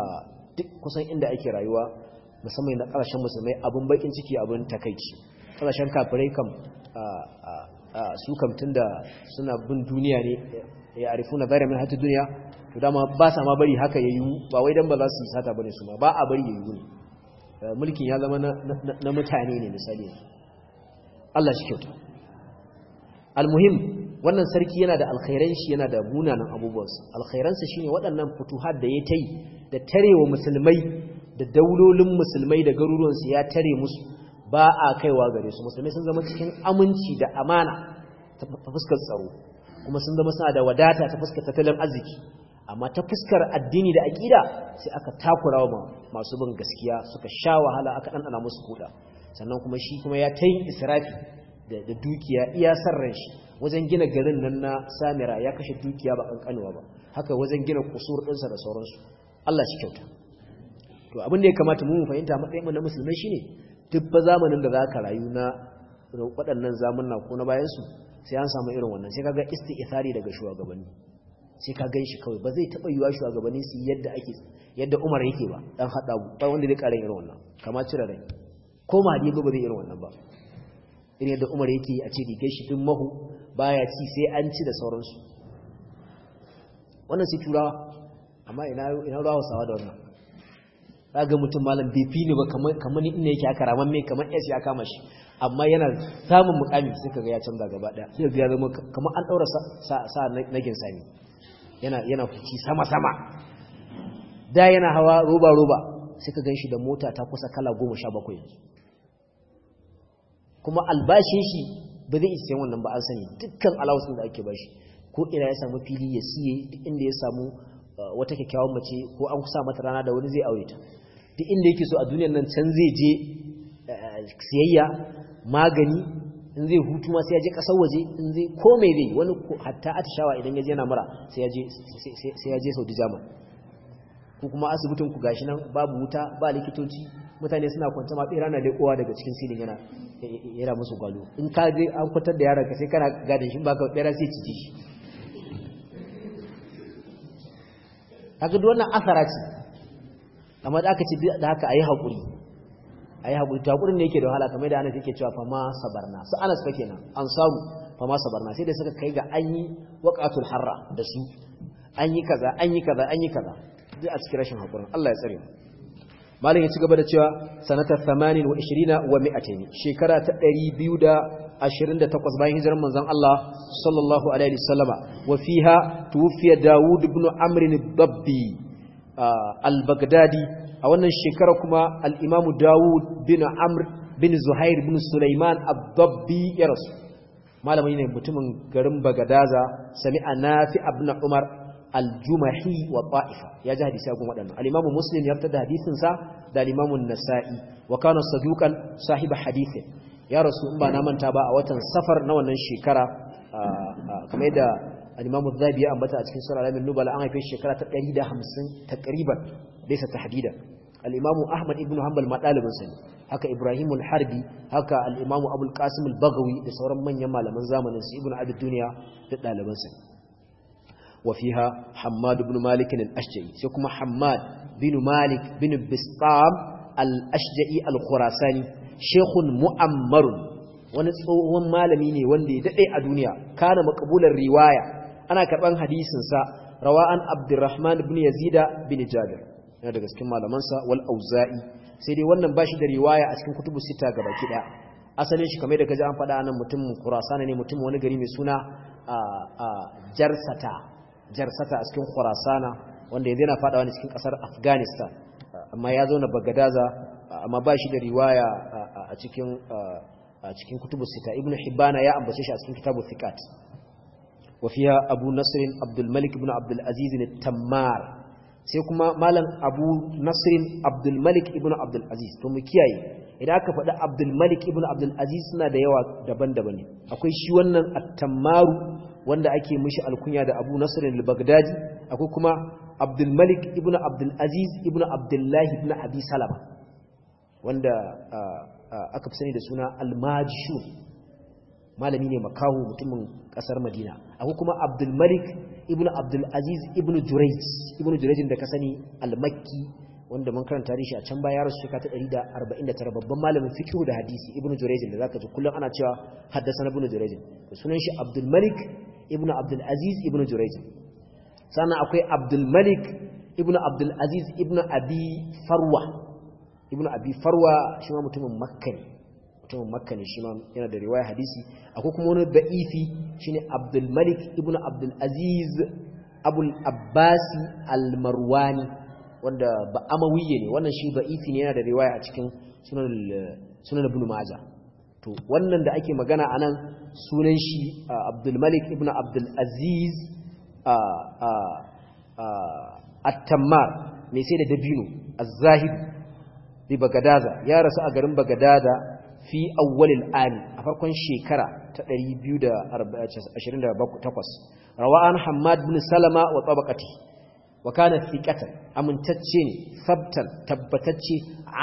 duk kusan inda ake rayuwa musamman na ƙarshen musulmai abin baƙin ciki abin takaici ƙarshen kafirai kam su kamtun da suna bin duniya ne ya arifu na zara min hatu duniya to dama ba sa ma bari haka ya yiwu ba wai dan ba za su yi sata bane su ma ba a bari ya yiwu ne eh, mulkin ya zama na mutane ne misali Allah shi kyauta almuhim wannan sarki yana da alkhairan shi yana da gunanan abubuwansa alkhairansa shine waɗannan futuhat da ya ta yi da tarewa musulmai da daulolin musulmai da garuruwansu ya tare musu ba a kaiwa gare su musulmai sun zama cikin aminci da amana ta fuskar tsaro kuma sun zama suna da wadata ta fuskar tattalin arziki amma ta fuskar addini da aƙida sai aka takura wa masu bin gaskiya suka sha wahala aka ɗan ana musu kuɗa sannan kuma shi kuma ya ta yin israfi da dukiya iya san ran shi wajen gina garin nan na samira ya kashe dukiya ba ƙanƙanuwa ba haka wajen gina kusur ɗinsa da sauransu allah shi kyauta to abin da ya kamata mu fahimta matsayinmu na shi ne. duk zamanin da za ka rayu na waɗannan zamanna ko na bayansu sai an samu irin wannan sai kaga isti'ithari daga shugabanni sai ka gan shi kawai ba zai taɓa yiwa shugabanni su yadda ake yadda umar yake ba ɗan haɗa ba wanda zai ƙara irin wannan kama cire rai ko ma hadiya ba zai irin wannan ba irin yadda umar yake a ce rigar shi tun mahu baya ci sai an ci da sauransu wannan sai turawa amma ina ina rawa sawa da wannan ga mutum malam bp ne ba kamar inda ina yake aka raman mai kamar s ya kama shi amma yana samun mukami sai kaga ya canza gaba daya sai ga ya zama kamar an daura sa na nagin sami yana yana sama sama da yana hawa roba roba sai ka ganshi da mota ta kusa kala goma sha bakwai. kuma albashin shi ba zai isa wannan ba an sani dukkan alawusin da ake bashi ko ina ya samu fili ya siye duk inda ya samu eh, wata kyakkyawan mace ko an kusa mata rana da wani zai aure ta duk inda yake so a duniyar nan can zai je eh, siyayya magani in zai hutu ma sai ya je kasar waje in zai komai zai wani hatta tashawa idan ya je yana mura sai ya je saudi jama ko kuma asibitin ku gashi nan babu wuta ba likitoci mutane suna kwanta ma tsira na lekowa daga cikin silin yana yana musu gwalo in ka je an kwatar da yaranka sai kana gadin shi baka tsira sai cije shi kaga duk wannan asara ce amma da aka ce da haka ayi hakuri ayi hakuri to hakurin ne yake da wahala kamar da Anas yake cewa fama sabarna su Anas fa kenan ansaru fama sabarna sai dai suka kai ga an yi waqatul harra da su an yi kaza an yi kaza an yi kaza duk a cikin rashin hakurin Allah ya tsare mu malin ya ci gaba da cewa sanatar 28 wa 200 shekara ta 228 bayan hijirar manzon Allah sallallahu alaihi wasallama wa fiha tuwfiya Dawud ibn Amr ibn Babbi al-baghdadi a wannan shekara kuma al-imamu dawud bin amr bin zuhair bin sulaiman ad-dabbi ya rasu malami ne mutumin garin bagadaza sami'a nafi ibn umar al-jumahi wa ta'ifa ya ji hadisi agun waɗannan al-imamu muslim ya fitar da hadisin sa da al-imamu nasa'i wa kana saduqan sahiba Hadithi. ya rasu in ba na manta ba a watan safar na wannan shekara kamar da al-Imam Az-Zahabi ya ambata a cikin Sura al Nubala an haife shekara ta 150 takriban laysa tahdida al-Imam Ahmad ibn Hanbal madalibin sa ne haka Ibrahim al-Harbi haka al-Imam Abu al-Qasim al-Baghawi da sauran manyan malaman zamanin su Ibn Abi Dunya da daliban sa وفيها حماد بن مالك الأشجعي bin حماد بن مالك al بسطام الأشجعي الخراساني شيخ مؤمر wani tsohon malami ne wanda ya daɗe a duniya kana makabular riwaya ana karban hadisin sa rawa an abdurrahman ibn yazida bin jabir yana daga cikin malaman sa wal auza'i sai dai wannan bashi da riwaya a cikin kutubu sita gaba kida asalin shi kamar da kaji an faɗa nan mutum khurasan ne mutum wani gari mai suna a jarsata jarsata a cikin kurasana wanda yanzu yana faɗawa ne cikin kasar afghanistan amma ya zo na bagadaza amma ba da riwaya a cikin a cikin kutubu sita ibnu hibana ya ambace shi a cikin kitabu thiqat وفيها أبو نصر عبد الملك بن عبد العزيز التمار سيكما مالا أبو نصر عبد الملك بن عبد العزيز ثم كياي إذا أكفت عبد الملك بن عبد العزيز سنا ديوا دبن دبن أكوي شوانا التمار wanda ake mishi alkunya da Abu Nasr al-Baghdadi akwai kuma Abdul Malik ibn Abdul Aziz ibn Abdullah ibn Abi Salama wanda aka fi sani da suna al-Majshun malami ne makahu mutumin kasar madina akwai kuma abdul malik ibnu abdul aziz ibnu jurayj ibnu da ka sani al-makki wanda mun karanta shi a can baya rasu shekara ta 149 babban malamin fiqh da hadisi ibnu jurayj da zaka ji kullum ana cewa haddasa ibnu da sunan shi abdul malik ibnu abdul aziz ibnu sannan akwai abdul malik ibnu abdul aziz ibnu abi farwa ibnu abi farwa shi ma mutumin makka ne mutumin makka ne shi ma yana da riwaya hadisi akwai kuma wani da'ifi shine abdul malik ibnu abdul aziz abul abbasi al wanda ba amawiyye ne wannan shi da'ifi ne yana da riwaya a cikin sunan sunan ibn majah to wannan da ake magana a nan sunan shi uh, abdul malik ibnu abdul aziz uh, uh, at-tammar mai sai da dabino az-zahid bi bagadaza ya rasu a garin bagadaza fi awwalil ami a farkon shekara ta 228 rawan hammad bin salama wa tabaqati wa kana thiqatan amintacce ne sabtan tabbatacce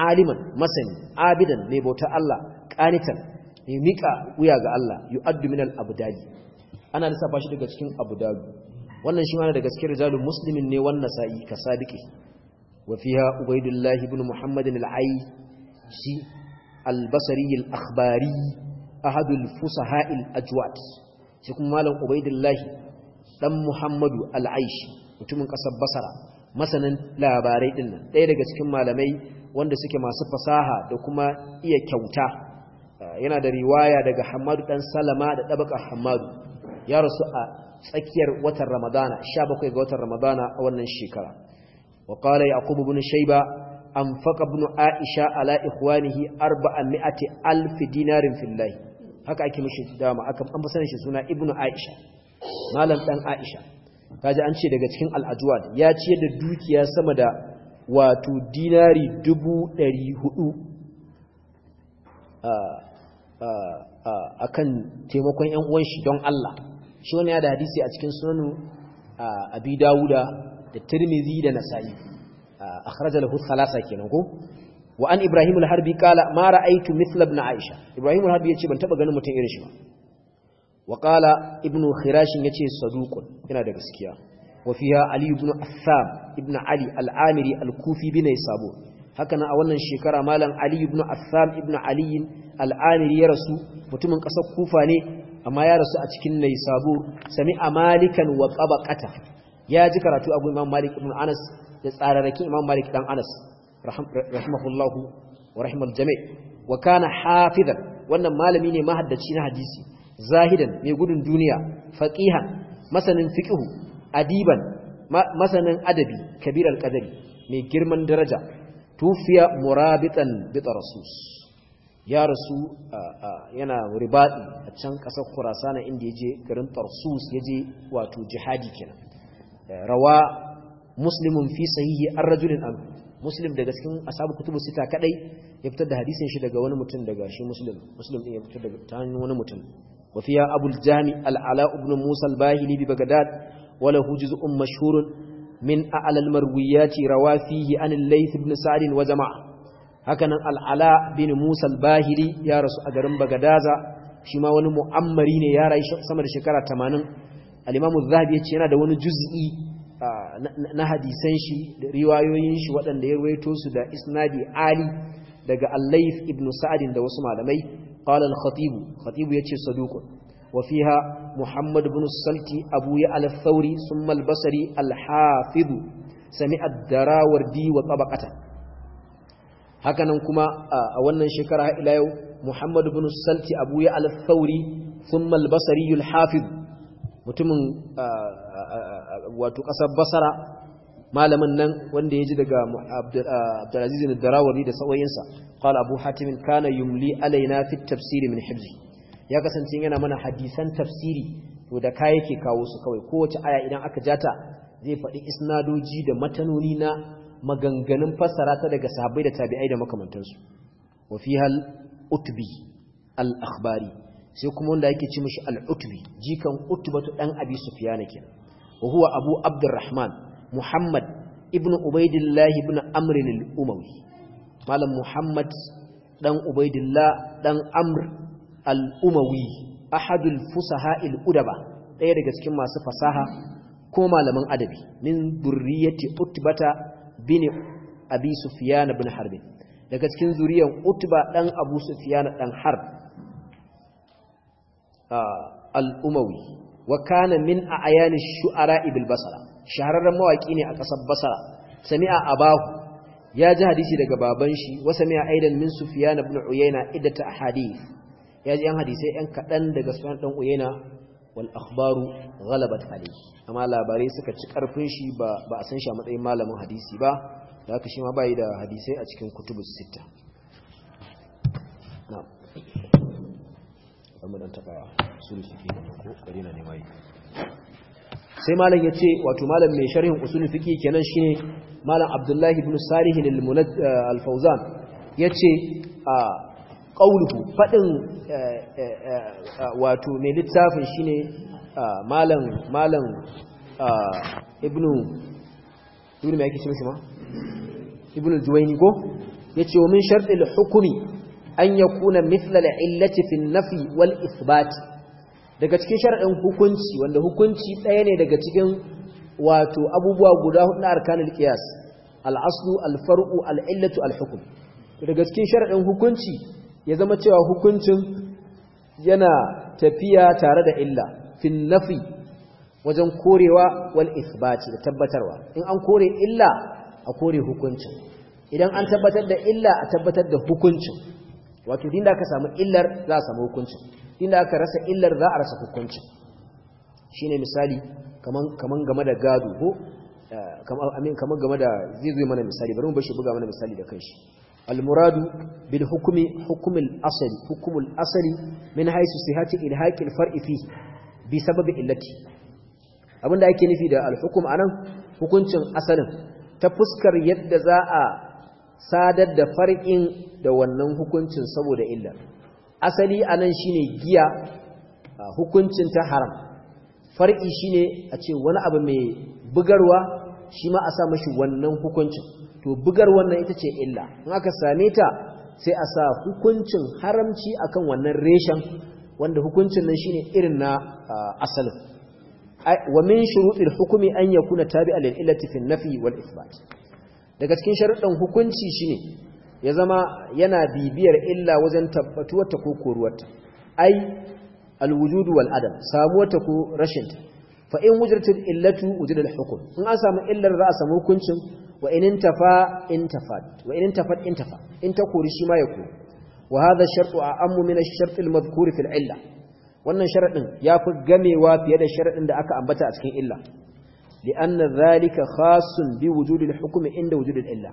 aliman masani abidan ne bauta Allah qanitan mai mika wuya ga Allah yu'addu min al-abdali ana lissafa shi daga cikin abdalu wannan shi ma daga cikin rijalul muslimin ne wannan sa'i ka sabiqi wa fiha ubaidullah ibn muhammad al-ayyi al-basri al-akhbari ahadul fusaha al-ajwad shi kuma malam ubaidillah ɗan muhammadu al'aishi mutumin ƙasar basara masanin labarai ɗin nan ɗaya daga cikin malamai wanda suke masu fasaha da kuma iya kyauta yana da riwaya daga hamadu ɗan salama da ɗabaka hamadu ya rasu a tsakiyar watan ramadana 17 ga watan ramadana a wannan shekara wa qala yaqub ibn shaiba. An faka ibn aisha ala ikhwanihi alfi dinarin fillahi haka ake mishi dama aka an sanin shi suna ibn aisha malam dan aisha kaji an ce daga cikin al'ajwad ya ciyar da dukiya sama da wato dinari dubu 400 a kan taimakon 'yan uwan shi don Allah shi wani ya da hadisi a cikin sunanu abi dawuda da tirmizi da nasa'i akhraja lahu thalatha kenan ko wa an ibrahim al-harbi qala ma ra'aytu mithla ibn irin shi ba wa qala ibn ya ce saduqun yana da gaskiya wa fiha ali ibn assam ibn ali al-amiri al-kufi bin sabu haka a wannan shekara malam ali ibn assam ibn ali al-amiri ya rasu mutumin ƙasar kufa ne amma ya rasu a cikin naysabur sami'a malikan wa qabaqata ya ji karatu abu imam malik ibn anas da tsararrakin imam malik dan anas rahimahullahu wa rahimal jami' wa kana hafidan wannan malami ne mahaddaci na hadisi zahidan mai gudun duniya faqihan masanin fiqhu adiban masanin adabi Kabirar al-qadari mai girman daraja tufiya murabitan bitarasus ya rasu yana ribaɗi a can ƙasar kurasana inda ya je garin tarsus ya je wato jihadi kenan eh, rawa muslimun fi sahihi an rajulin an muslim daga cikin asabu kutubu sita kadai ya fitar da hadisin shi daga wani mutum daga shi muslim muslim din ya fitar daga ta hanyar wani mutum wa fiya abul jami al'ala ala ibn musa al bahili bi bagdad wala lahu juz'un mashhurun min a'la al marwiyati rawa fihi an al layth ibn sa'd wa jama'a hakanan al'ala bin musa al bahili ya rasu a garin bagadaza shi ma wani mu'ammari ne ya rayu sama da shekara 80 al imam az-zahabi yace yana da wani juz'i na hadisan shi da riwayoyin shi waɗanda ya ruwaito su da isnadi ali daga al ibnu ibn da wasu malamai qala al-khatib khatib yace saduqun wa fiha muhammad ibn salti abu ya al-thawri thumma al-basri al-hafid sami'a ad-darawardi wa tabaqata hakanan kuma a wannan shekara ila yau muhammad ibn salti abu ya al-thawri thumma al-basri al-hafid mutumin wato ƙasar basara malamin nan wanda ya ji daga ah, abdulaziz bin darawari da sauyinsa qala abu hatim kana yumli alaina fi tafsiri min hibzi ya kasance yana mana hadisan tafsiri to da kai yake kawo su kawai kowace aya idan aka jata zai faɗi isnadoji da matanoni na maganganun fassara ta daga sahabbai da tabi'ai da makamantansu wa fiha al-utbi al-akhbari sai kuma wanda yake ci mishi al-utbi jikan utbatu dan abi sufyan kenan wa huwa abu abdurrahman muhammad Ibn ubaidillahi ibnu amrin al-umawi malam muhammad dan ubaidillah dan amr al-umawi ahadul fusaha il'udaba, udaba daya daga cikin masu fasaha ko malaman adabi min zurriyyati utbata bin abi sufyan ibn harb daga cikin zuriyar utba dan abu sufyan dan harb al-umawi wa kana min a ayani shu'ara ibil basara shahararren mawaƙi ne a ƙasar basara sami'a abahu ya ji hadisi daga baban shi wa a aidan min sufiyan ibn uyayna a ahadith ya ji yan hadisai yan kaɗan daga sunan ɗan uyayna wal akhbaru ghalabat alayhi amma labarai suka ci ƙarfin shi ba a san shi a matsayin malamin hadisi ba da aka shi ma bai da hadisai a cikin kutubus sitta amma dan taba sulusi ke nan ko kare na ne mai sai malam yace wato malam mai sharhin usul fiqi kenan shine malam Abdullahi ibn Sarih eh, al-Fawzan yace a qauluhu fadin eh, eh, wato mai littafin shine malam malam ibnu ibnu mai yake shi ma ibnu Juwayni ko yace wa min shartil hukumi an ya kuna mislal illaci fi nafi wal isbati daga cikin sharaɗin hukunci wanda hukunci ɗaya ne daga cikin wato abubuwa guda hudu na arkanin kiyas, al'aslu, alfar'u al'illatu, alhukum. daga cikin sharaɗin hukunci ya zama cewa hukuncin yana tafiya tare da illa fi nafi wajen korewa wal isbati da tabbatarwa in an kore illa a kore hukuncin idan an tabbatar da illa a tabbatar da hukuncin wato din da aka samu illar za a samu hukuncin din da aka rasa illar za a rasa hukuncin shine misali kaman game da gado ko eh, kaman game da zai zo mana misali bari mu bar buga mana misali da kanshi المراد بالحكم حكم الأصل حكم الأصل من حيث صحة إلهاك الفرع bi بسبب إلتي abinda ake nufi da alhukum anan hukuncin asalin ta fuskar yadda za a sadar da farkin da wannan hukuncin saboda illar asali anan shine giya hukuncin ta haram farki shine a ce wani abu mai bugarwa shi ma a sa mashi wannan hukuncin to bugar wannan ita ce illa in aka same ta sai a sa hukuncin haramci akan wannan reshen wanda hukuncin nan shine irin na asalin wa min shurutil hukumi an yakuna tabi'a lil illati fi nafi wal ithbat daga cikin sharuɗin hukunci shine ya zama yana bibiyar illa wajen tabbatuwarta ko koruwarta ai alwujudu wal adam samuwarta ko rashinta fa in wujidatul illatu wujida hukm in an samu illar za a samu hukuncin wa in intafa intafat wa in intafat intafa in ta kori shi ma ya kori wa hadha shartu a'ammu min ash-shart al-madhkur fi al-illa wannan sharadin fi gamewa fiye da sharadin da aka ambata a cikin illa li'anna zalika khasun bi wujudil hukmi inda wujudil illa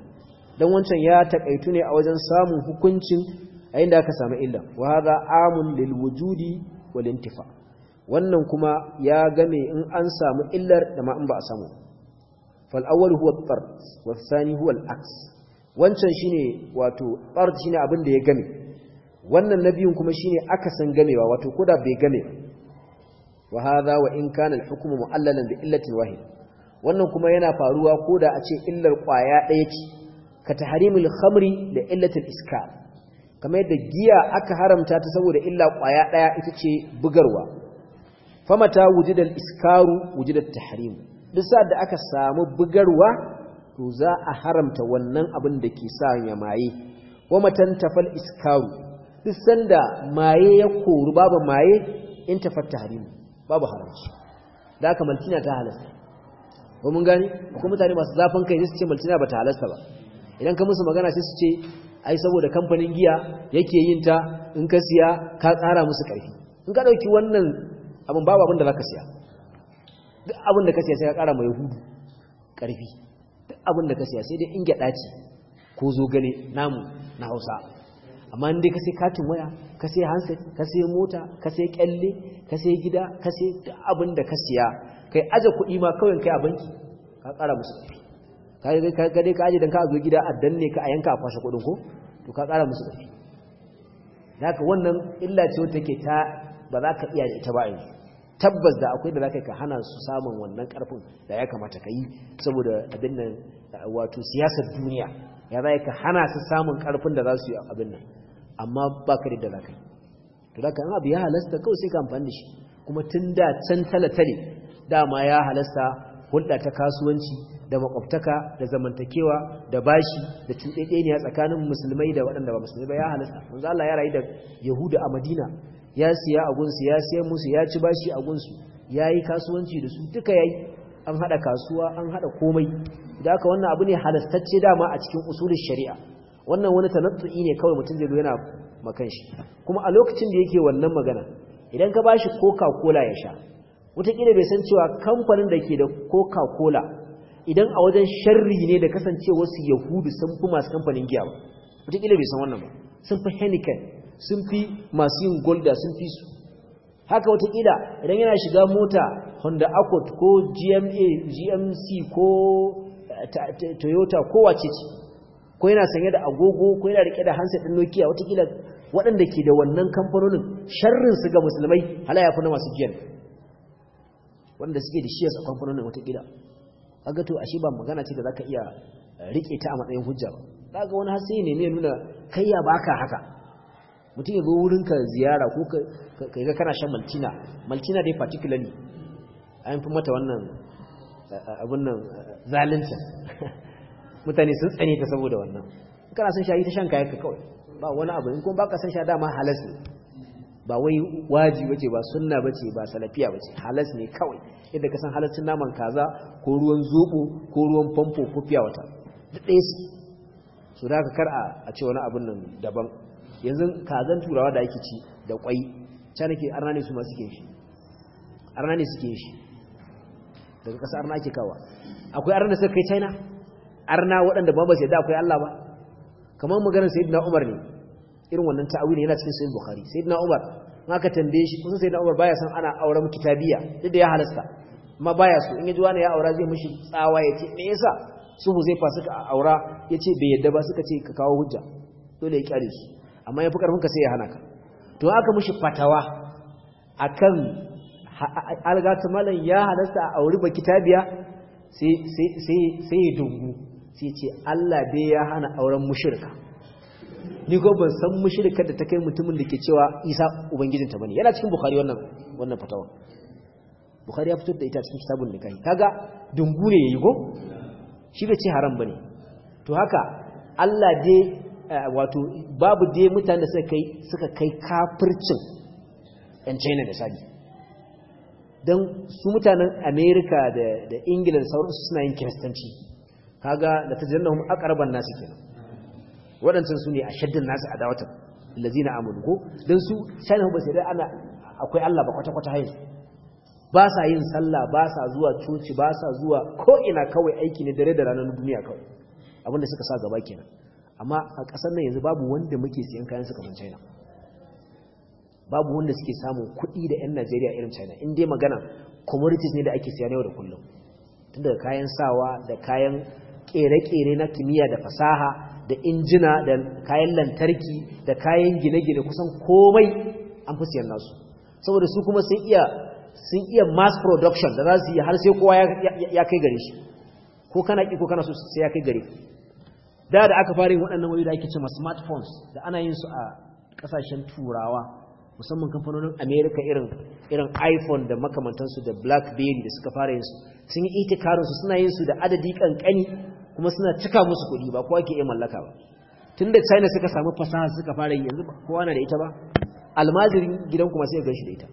dan wancan ya takaitu ne a wajen samun hukuncin a inda aka samu illa amun intifa wannan kuma ya game in an samu illar da in ba a samu fal awwal huwa tsar tar huwa aks wancan shine wato tsar shine abin da ya game wannan nabiyun kuma shine akasan gamewa wato kuda bai game ba wa hadha wa in kanal al mu'allalan da illatin wahid wannan kuma yana faruwa ko da a ce illar ƙwaya ɗaya ce ka ta harimul khamri da illatul iska. kamar yadda giya aka haramta ta saboda illa ƙwaya ɗaya ita ce bugarwa famata wujidal iskaru wujidat tahrim duk sa da aka samu bugarwa to za a haramta wannan abin da ke sa ya maye wa matan tafal iskaru duk sanda maye ya koru babu maye in tafatta harimu babu haramci da aka maltina ta halasta ko mun gani ko mutane masu zafin kai su ce multina ba ta halasta ba idan ka musu magana sai su ce ai saboda kamfanin giya yake yin ta in ka siya ka tsara musu karfi in ka dauki wannan abun babu abin da zaka siya duk abin da ka siya sai ka kara mai yahudu karfi duk abin da ka siya sai dai in gyada ce ko zo gane namu na Hausa amma in dai ka sai katin waya ka sai handset ka sai mota ka sai kyalle ka sai gida ka sai duk abin da ka siya kai aje kuɗi ma kawai kai a banki ka ƙara musu ƙarfi ka yi dai ka aje dan ka zo gida a danne ka a yanka a kwashe kuɗin ko to ka ƙara musu ƙarfi haka wannan illa ce wata take ta ba za ka iya ita ba yanzu tabbas da akwai da za ka hana su samun wannan ƙarfin da ya kamata ka yi saboda abin nan wato siyasar duniya ya za ka hana su samun ƙarfin da za su yi abin nan amma ba ka da za ka yi to da ka abu ya halasta kawai sai ka amfani da shi kuma tun da can talatale dama ya halasta hulɗa ta kasuwanci da makwabtaka da zamantakewa da bashi da cuɗeɗeniya tsakanin musulmai da waɗanda ba musulmai ba ya halasta wanzu Allah ya rayu da Yahuda a Madina ya siya a gunsu ya siya musu ya ci bashi a gunsu ya yi kasuwanci da su duka ya yi an haɗa kasuwa an haɗa komai da aka wannan abu ne halastacce dama a cikin usulun shari'a wannan wani tanattu'i ne kawai mutum zai zo yana makan shi kuma a lokacin da yake wannan magana idan ka bashi coca cola ya sha wataƙila bai san cewa kamfanin da ke da coca-cola idan a wajen sharri ne da kasance wasu yahudu sun fi masu kamfanin giya ba wataƙila bai san wannan ba sun fi henneken sun fi masu yin golda sun fi su haka wataƙila idan yana shiga mota honda accord ko gma gmc ko eh, toyota ko wace ce ko yana sanye da agogo ko yana rike da handset ɗin nokia wataƙila waɗanda ke da wannan kamfanonin sharrin su ga musulmai hala ya fi na masu giyan. wanda suke da shiyas a gida a kaga to ashe ba magana ce da zaka iya eh, rike ta a matsayin hujja ba kaga wani har sai ne ne nuna kai ya baka haka mutum ya zo wurin ka ziyara ko ka kai ga kana shan maltina maltina dai particularly an fi mata wannan eh, abun nan eh, zalunta [LAUGHS] mutane sun tsane ta saboda wannan kana son shayi ta shan kayan ka kawai ba wani abu in kuma baka son sha dama halas ba wai waji bace ba sunna bace ba salafiya bace halas ne kawai yadda ka san halaccin naman kaza ko ruwan zobo ko ruwan famfo ko fiya wata duk ɗaya su su da ka kar'a a ce wani abin nan daban yanzu kazan turawa da ake ci da kwai can ke arna ne su ma suke shi arna ne suke shi daga ƙasa arna ake kawa akwai arna suka kai china arna waɗanda ba ba sai da akwai allah ba kamar maganar sayyidina umar ne irin wannan ta'awili yana cikin sahih bukhari sayyidina umar ma aka tambaye shi kusa sayyidina umar baya san ana auren kitabiya duk da ya halasta amma baya so in yaji wani ya aura zai mishi tsawa yace me yasa su huzaifa suka aura yace bai yadda ba suka ce ka kawo hujja dole ya kyale su amma ya fi karfin ka sai ya hana ka to aka mishi fatawa akan algata malan ya halasta a auri ba kitabiya sai sai sai dungu sai ce Allah dai ya hana auren mushrika ni ko ban san mushrikar da ta kai mutumin da ke cewa Isa ubangijinta bane yana cikin Bukhari wannan wannan fatawa Bukhari ya fitar da ita cikin kitabun nikahi kaga dungu ne yayi go shi bai ce haram bane to haka Allah dai eh, wato babu dai mutanen da suka kai suka kai kafircin ɗan China da sabi don su mutanen Amerika da Ingila da sauransu suna yin kiristanci kaga da tajannahum aqraban nasu kenan waɗancan su ne a shaddin nasu a dawata na amanu ko don su shanahu ba sai dai ana akwai Allah ba kwata-kwata hayin ba sa yin sallah ba sa zuwa coci ba sa zuwa ko'ina kawai aiki ne dare da ranar duniya kawai abinda suka sa gaba kenan amma a ƙasar nan yanzu babu wanda muke siyan kayan su kamar china babu wanda suke samun kuɗi da 'yan najeriya irin china in dai magana commodities ne da ake siya yau da kullum tun daga kayan sawa da kayan ƙere-ƙere na kimiyya da fasaha da injina da kayan lantarki da kayan gine-gine kusan komai an fi siyan nasu saboda su kuma sun iya sun iya mass production da za su yi har sai kowa ya kai gare shi ko kana ki ko kana so sai ya kai gare da da aka fara yin waɗannan wayoyi da ake cewa smartphones da ana yin su a ƙasashen turawa musamman kamfanonin america irin irin iphone da makamantansu da blackberry da suka fara yin su sun yi su suna yin su da adadi kankani kuma suna cika musu kuɗi ba kowa ke iya mallaka ba tun da china suka samu fasaha suka fara yi yanzu kowa na da ita ba almajirin gidan kuma sai ya ganshi da ita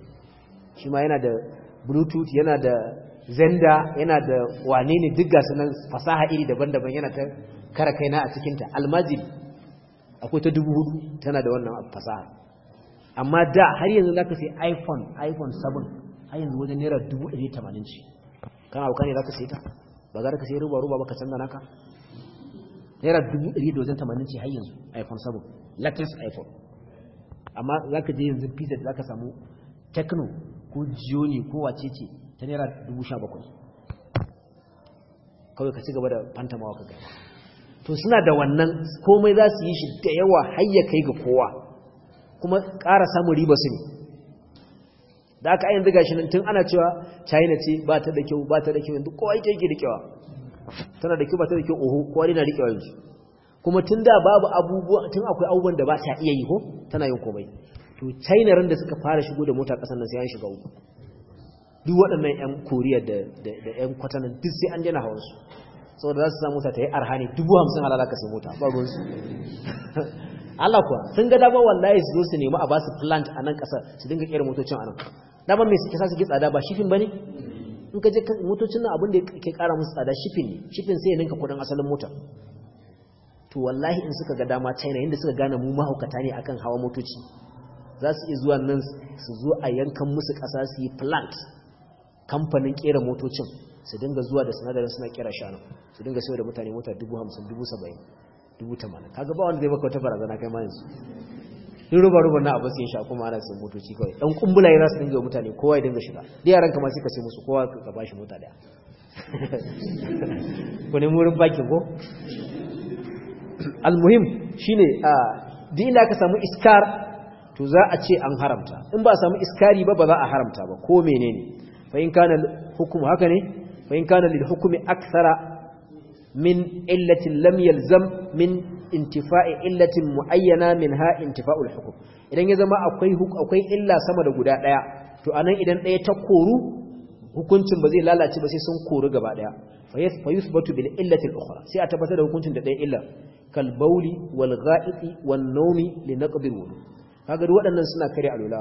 shi ma yana da bluetooth yana da zenda yana da wane ne duk gasu nan fasaha iri daban-daban yana ta kara kaina a cikinta almajiri akwai ta dubu hudu tana da wannan fasaha amma da har yanzu za ka sai iphone iphone 7 har yanzu wajen naira dubu ɗari tamanin ce kana ne za ka sai ta ba za ka sai ruba ruba ba ka canza naka naira dubu da wajen tamanin ce har yanzu iphone 7 latest iphone amma za ka je yanzu pz za ka samu techno ko ne ko wace ce ta naira dubu sha bakwai kawai ka ci gaba da fantamawa ka gaba to suna da wannan komai za su yi shi da yawa har ya kai ga kowa kuma ƙara samun riba su ne da aka yanzu gashi nan tun ana cewa china ce ba ta da kyau ba ta da kyau yanzu kowa yake yake rikewa tana da kyau ba ta da kyau oho kowa yana rikewa yanzu kuma tun da babu abubuwa tun akwai abubuwan da ba ta iya yi ko tana yin komai to china ran da suka fara shigo da mota kasan nan sai an shiga uku duk waɗannan yan koriya da da yan kwatanan duk sai an daina hawan su saboda za su samu mota ta yi arhani dubu hamsin halala ka sai mota ba ruwan [LAUGHS] Allah kuwa sun ga dama wallahi su zo su nemi a ba su plant a nan ƙasar su dinga kera motocin a nan dama mai suke sa suke tsada ba shifin ba ne in ka je motocin nan abin da ke kara musu tsada shifin ne shifin sai ya ninka kudin asalin motar to wallahi in suka ga dama China inda suka gane mu mahaukata ne akan hawa motoci za su iya zuwa nan su zo a yankan musu ƙasa su yi plant kamfanin kera motocin su dinga zuwa da sinadarin suna kera shanu su dinga sayar da mutane mota dubu hamsin dubu saba'in dubu tamanin kaga ba wanda zai maka wata barazana kai ma yanzu duk ruba ruba na abu sai sha kuma ana sun motoci kawai dan kumbula ya su dinga mutane kowa ya dinga shiga da yaran kamar sai ka musu kowa ka bashi mota daya [LAUGHS] ku ne murin baki ko almuhim shine a duk ina ka samu iskar to za a ce an haramta in ba a samu iskari ba ba za a haramta ba ko menene fa in haka ne fa in kana lil hukumi akthara min lam yalzam min intifa'i illatin muayyana minha intifa'ul hukm idan ya zama akwai akwai illa sama da guda daya to anan idan daya ta koru hukuncin ba zai lalace ba sai sun koru gaba daya fa yusbatu bil illati al-ukhra sai a tabbatar da hukuncin da daya illa kal bawli wal gha'iti wan nawmi li naqdi al-wudu kaga waɗannan suna kare alula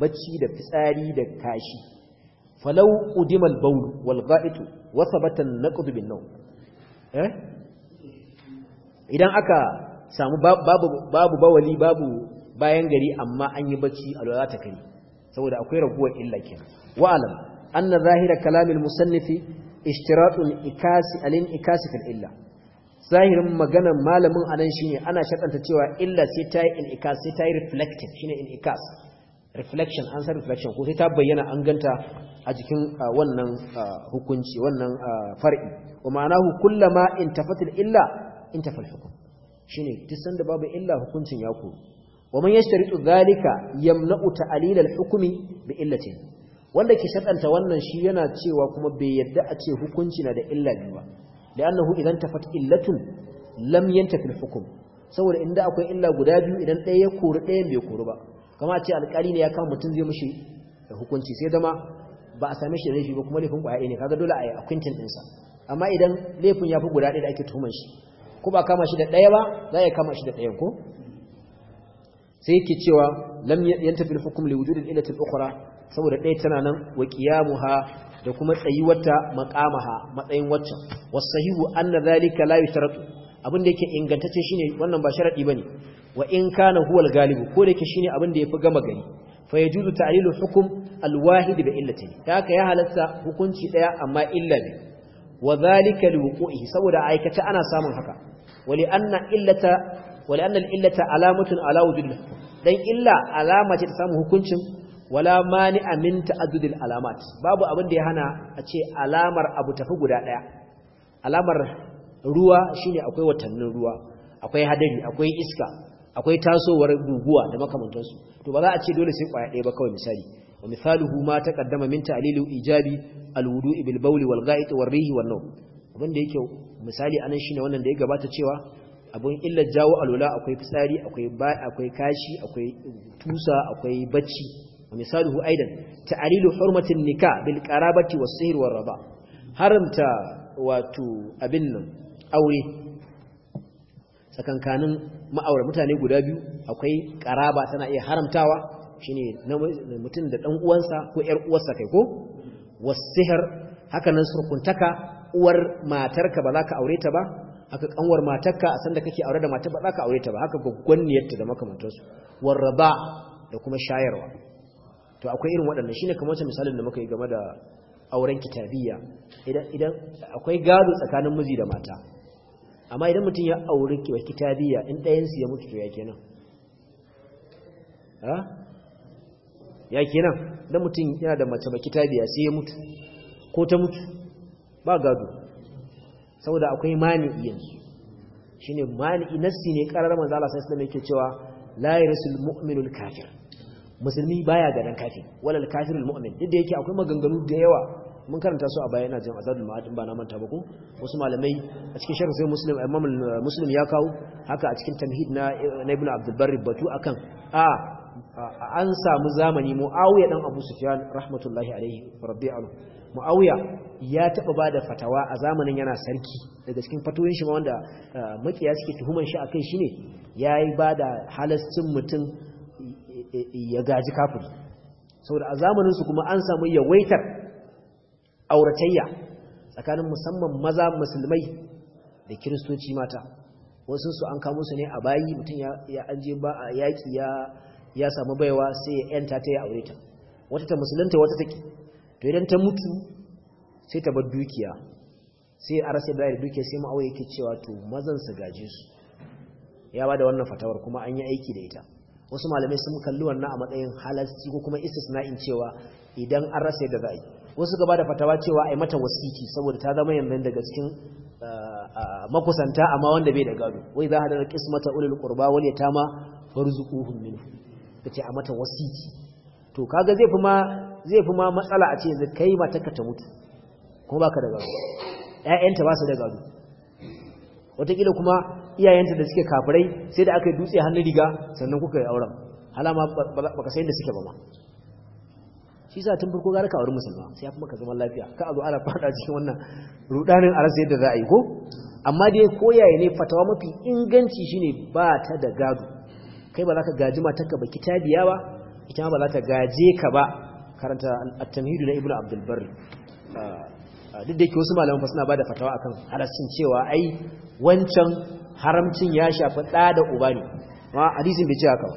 bacci da fitsari da kashi falau udima al-bawl wal gha'itu wa thabata an-naqdu bin nawm eh idan aka samu babu bawali babu bayan gari amma an yi bacci lura ta kare saboda akwai raguwar illa kenan an na anna zahira kalamin musannifi ishtiratun ikasi alin ikasi kan illa zahirin maganar malamin anan shine ana shakanta cewa illa sai ta yi in'ikas sai ta yi reflective shine in'ikas reflection an san reflection ko sai ta bayyana an ganta a jikin wannan hukunci wannan far'i wa ma'anahu ma in tafatil illa انتفى الحكم شنو تسن duk sanda babu illa hukuncin ya kuru wa يمنع تعليل الحكم yamna'u ta'lil al-hukmi wanda ke shaɗanta wannan shi yana cewa kuma bai yadda a ce hukunci na da illa biyu ba li'annahu idan tafat illatun lam yantafi hukum saboda inda akwai illa guda biyu idan ɗaya ya kori ɗaya bai kori ba kama a ce alƙali ne ya kama mutum zai mishi da hukunci sai zama ba a same shi da laifi ba kuma laifin ƙwaya ne kaga dole a yi akwintin ɗinsa amma idan laifin ya fi guda ɗaya da ake tuhuman shi ko ba kama shi da ɗaya ba za ya kama shi da ɗayan ko sai yake cewa lam yantafi al-hukm li wujudi al ukhra saboda ɗaya tana nan wa qiyamuha da kuma tsayuwarta maqamaha matsayin waccan wasahihu anna dhalika la yushratu abin da yake ingantacce shine wannan ba sharadi bane wa in kana huwa al-galibu ko da yake shine abin da yafi gama gari fa yajuzu ta'lilu hukm al-wahid bi illatihi haka ya halatta hukunci daya amma illa ne. wa dhalika li wuqu'ihi saboda aikata ana samun haka ولأن إلة ولأن الإلة علامة على وجود dan illa alama ce ta samun hukuncin wala mani amin ta'addudil alamat babu abin da ya hana a ce alamar abu tafi guda ɗaya. alamar ruwa shine akwai watannin ruwa akwai hadari akwai iska akwai tasowar guguwa da makamantansu to ba za a ce dole sai kwaya ɗaya ba kawai misali wa misaluhu ma taqaddama min ta'lilu ijabi alwudu'i bil bawli wal gha'it war rihi wan nawm abin da yake misali anan shine wannan da ya gabata cewa abin illar jawo alula akwai fitsari akwai ba akwai kashi akwai tusa akwai bacci misaluhu aidan ta'alilu hurmatin nikah bil qarabati was sihr war Raba, haramta wato abin nan aure sakankanin ma'aure mutane guda biyu akwai qaraba tana iya haramtawa shine mutum da dan uwansa ko yar uwarsa kai ko was sihr hakanan surkuntaka uwar matarka ba za ka aure ta ba aka kanwar matarka a sanda kake aure da matar ba za ka aure ta ba haka gwaggwanniyarta da makamantarsu warraba da kuma shayarwa to akwai irin waɗannan shine kamar wancan misalin da muka yi game da auren kitabiyya idan idan akwai gado tsakanin miji da mata amma idan mutum ya auri wa kitabiyya in ɗayan su ya mutu to ya kenan ha ya kenan mutum yana da mace ba kitabiyya sai ya mutu ko ta mutu ba gado saboda akwai mani'i yanzu shine mani'i nassi ne karar manzo Allah sai sallama yake cewa la yarsul mu'minul kafir musulmi baya gadan kafir walal kafirul mu'min duk da yake akwai maganganu da yawa mun karanta su a baya ina jin azadul ma'adin ba na manta ba ko wasu malamai a cikin sharh sai muslim imam muslim ya kawo haka a cikin tamhid na na ibnu abdul barri batu akan a ah, an samu zamani muawiya dan abu sufyan rahmatullahi alaihi rabbi alu muawiya ya taba bada fatawa a zamanin yana sarki daga cikin fatoyin shi ma wanda eh, makiya suke tuhuman shi akai shine yayi bada halascin mutum eh, eh, ya gaji kafiri saboda a zamanin su kuma an samu yawaitar auratayya tsakanin musamman maza musulmai da kiristoci mata wasu su an kamo su ne a bayi mutum ya an ba a yaƙi ya ya samu baiwa sai ya yanta ta ya aure ta wata ta musulunta wata take to idan ta mutu sai ta bar dukiya sai a rasa da dukiya sai ma'aure yake cewa to mazan su gaje su ya bada wannan fatawar kuma an yi aiki da ita wasu malamai sun kalli wannan a matsayin halarci ko kuma istisna'in cewa idan an rasa yadda za a wasu gaba da fatawa cewa a yi mata wasiki saboda ta zama yanzu daga cikin eh, eh, makusanta amma wanda bai da gado wai za a da kismata ulul qurba ta ma farzuquhum minhu suka ce a mata wasiki to kaga zai fi ma zai fi ma matsala a ce kai matarka ta mutu kuma baka da gado ƴaƴanta ba su da gado wataƙila kuma iyayenta da suke kafirai sai da aka yi dutse hannu riga sannan kuka yi auren halama baka sayin da suke ba ma shi sa tun farko gara ka auri musulma sai ya kuma ka zama lafiya ka a zo ana fada cikin wannan rudanin a yadda za a yi ko amma dai koyaye ne fatawa mafi inganci shine ba ta da gado kai ba za ka gaji matarka ba kitabiya ba ita ma ba za ta gaje ka ba karanta at-tamhidu na ibnu abdul barri duk da yake wasu malaman fa suna bada fatawa akan halascin cewa ai wancan haramcin ya shafi da da uba ne amma hadisin bai ce haka ba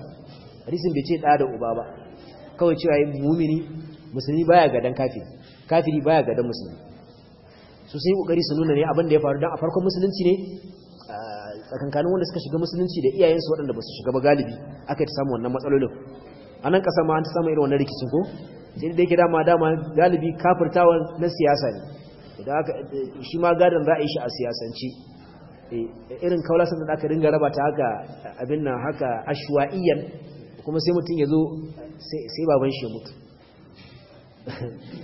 hadisin bai ce da da uba ba kawai cewa ai mu'mini musulmi baya dan kafiri kafiri baya dan musulmi su sai kokari su nuna ne abin da ya faru dan a farkon musulunci ne tsakankanin wanda suka shiga musulunci da iyayensu waɗanda ba su shiga ba galibi aka ta samu wannan matsalolin a nan ƙasa ma an ta samu irin wannan rikicin ko sai da yake dama dama galibi kafirtawa na siyasa ne idan aka shi ma gadon za a yi shi a siyasance eh, irin kaulasan da aka dinga raba ta haka abin nan haka ashwa'iyyan kuma sai mutum ya zo sai baban shi ya mutu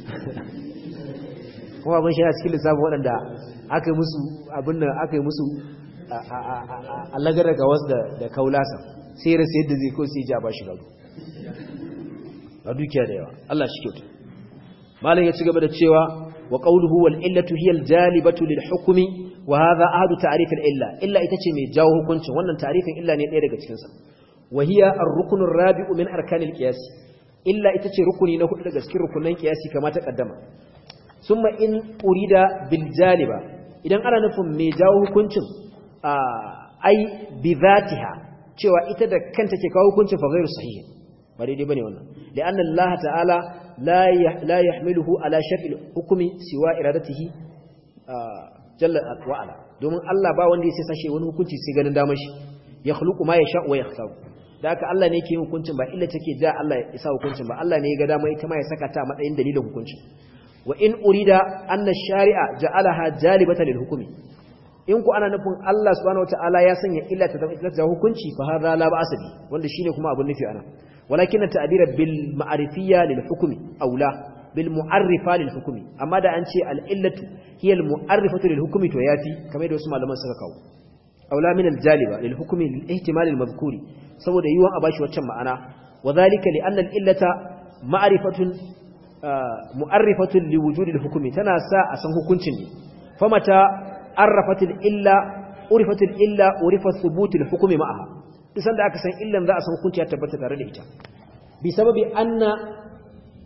[LAUGHS] kuma baban shi yana cikin lissafin waɗanda aka yi musu abin nan aka yi musu a lagara ga da kaulasa sai rasa yadda zai kawai sai ji a bashi gado a dukiya da yawa Allah shi kyautu malam ya ci gaba da cewa wa qawluhu wal illatu jalibatu lil hukumi wa hadha ahadu ta'rif illa illa ita ce mai jawo hukuncin wannan ta'rifin illa ne ɗaya daga cikinsa. sa wa hiya ar rabi'u min arkan illa ita ce rukuni na hudu daga cikin rukunan qiyasi kama ta kaddama summa in urida bil jaliba idan ana nufin mai jawo hukuncin ai bi zatiha cewa ita da kanta ke kawo hukuncin fa ghairu sahih ba daidai bane wannan li'anna Allah ta'ala la la yahmiluhu ala shar'il hukmi siwa iradatihi jalla wa ala domin Allah ba wanda yake sashe wani hukunci sai ganin damar shi ya khluqu ma yasha wa yakhtar da haka Allah ne yake yin hukuncin ba illa take da Allah ya sa hukuncin ba Allah ne ya ga damar ita ma ya saka ta matsayin dalilin hukuncin wa in urida anna shari'a ja'alaha jalibatan lil hukmi in ku ana nufin Allah subhanahu wataala ya sanya illa ta zama ita ta hukunci fa har la ba'sa asabi, wanda shine kuma abun nufi ana walakin ta'bira bil ma'rifiyya lil hukmi aula bil mu'arrifa lil hukmi amma da an ce al illatu hiya al mu'arrifatu lil hukmi to yafi kamar da wasu malaman suka kawo aula min al jaliba lil hukmi lil ihtimal al madhkuri saboda yiwon a bashi waccan ma'ana wa dhalika li anna al illata ma'rifatun ah, mu'arrifatun li wujudi al hukmi tana sa a san hukuncin ne famata arrafatil illa urifatil illa urifa thubutil hukumi ma'aha isan da aka san illan za a san hukunci ya tabbata tare da ita bi sababi anna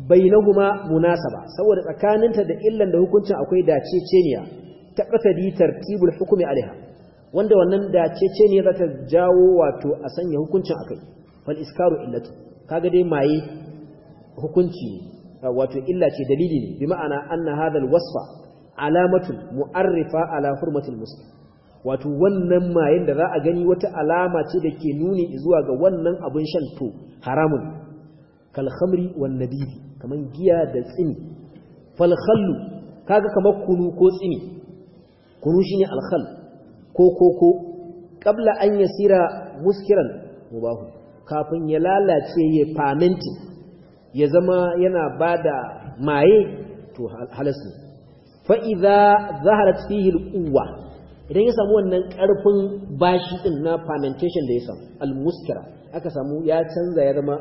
bainahuma munasaba saboda tsakaninta da illan da hukuncin akwai daceceniya ta qatadi tartibul hukumi alaiha wanda wannan daceceniya za ta jawo wato a sanya hukuncin akai fal iskaru illatu kaga dai mai hukunci wato illa ce dalili ne bi ma'ana anna hadha wasfa alamatun mu'arrifa ala hurmatul muslim wato wannan mayin da za a gani wata alama ce da ke nuni zuwa ga wannan abin shan to haramun kal khamri wan nabibi kaman giya da tsini fal khallu kaga kamar kunu ko tsini kunu shine al khall ko ko qabla an yasira muskiran mubahu kafin ya lalace ya faminti ya zama yana bada maye to halas ne fa'iza zaharat fihil kuwa idan ya samu wannan ƙarfin bashi ɗin na fermentation da ya samu almuskara aka samu ya canza ya zama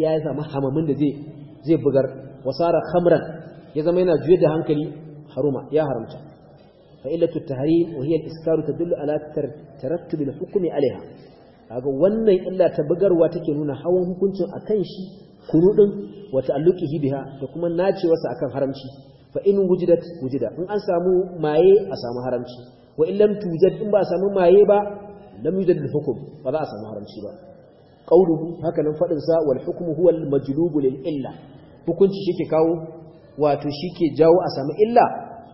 ya zama hamamin da zai bugar wasara hamran ya zama yana juya da hankali haruma ya haramta fa'ilatu ta hari wahiyar al-iskaru tadullu ala tarattub da hukumi alaiha kaga wannan illa ta bugarwa take nuna hawan hukuncin akan shi kurudin wata alluki biha da kuma nacewarsa akan haramci fa in wujidat wujida in an samu maye a samu haramci wa in lam tujad in ba a samu maye ba lam yujad al ba za a samu haramci ba qawluhu haka nan fadin sa wal hukmu huwa al-majlub lil illa hukunci shike kawo wato shike jawo a samu illa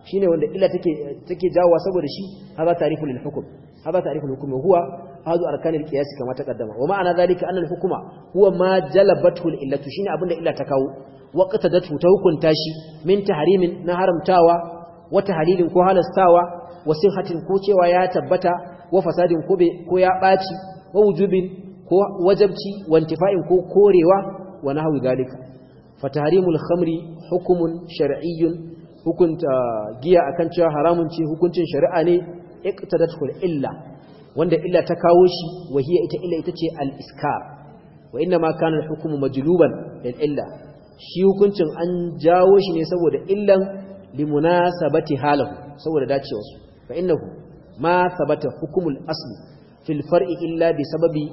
shine wanda illa take take jawo saboda shi hada tariful lil hukm هذا تعريف الحكم وهو هذا أركان القياس كما تقدم ومعنى ذلك أن الحكم هو ما جلبته الإلة شين أبن إلا تكاو وقتدته تهكن تاشي من تحريم نهرم تاوى وتحليل كوهال استاوى وصحة كوتي ويا تبتا وفساد كويا باتي ووجوب وجبتي وانتفاء كو كوريوا ونحو ذلك فتحريم الخمر حكم شرعي hukunta giya akan cewa haramun ce hukuncin shari'a ne iqtadatul illa wanda illa ta kawo shi wahiya ita illa ita ce al-iskar wa inna ma kana al hukm majluban lil illa shi hukuncin an jawo shi ne saboda illan limunasabati halahu saboda dacewa su fa innahu ma sabata hukumul asli fil far'i illa bi sababi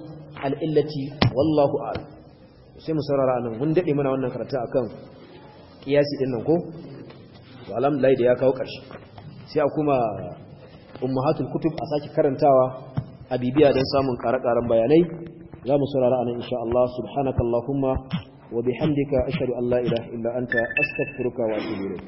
al illati wallahu a'lam sai mu sarara nan mun dade muna wannan karatu akan qiyasi din nan ko to alhamdulillah da ya kawo karshe sai a kuma ummahatul kutub a sake karantawa a bibiya don samun ƙare bayanai za mu saurara a nan insha Allah subhanakallahumma wa bihamdika ashhadu an la ilaha illa anta astaghfiruka wa atubu ilayk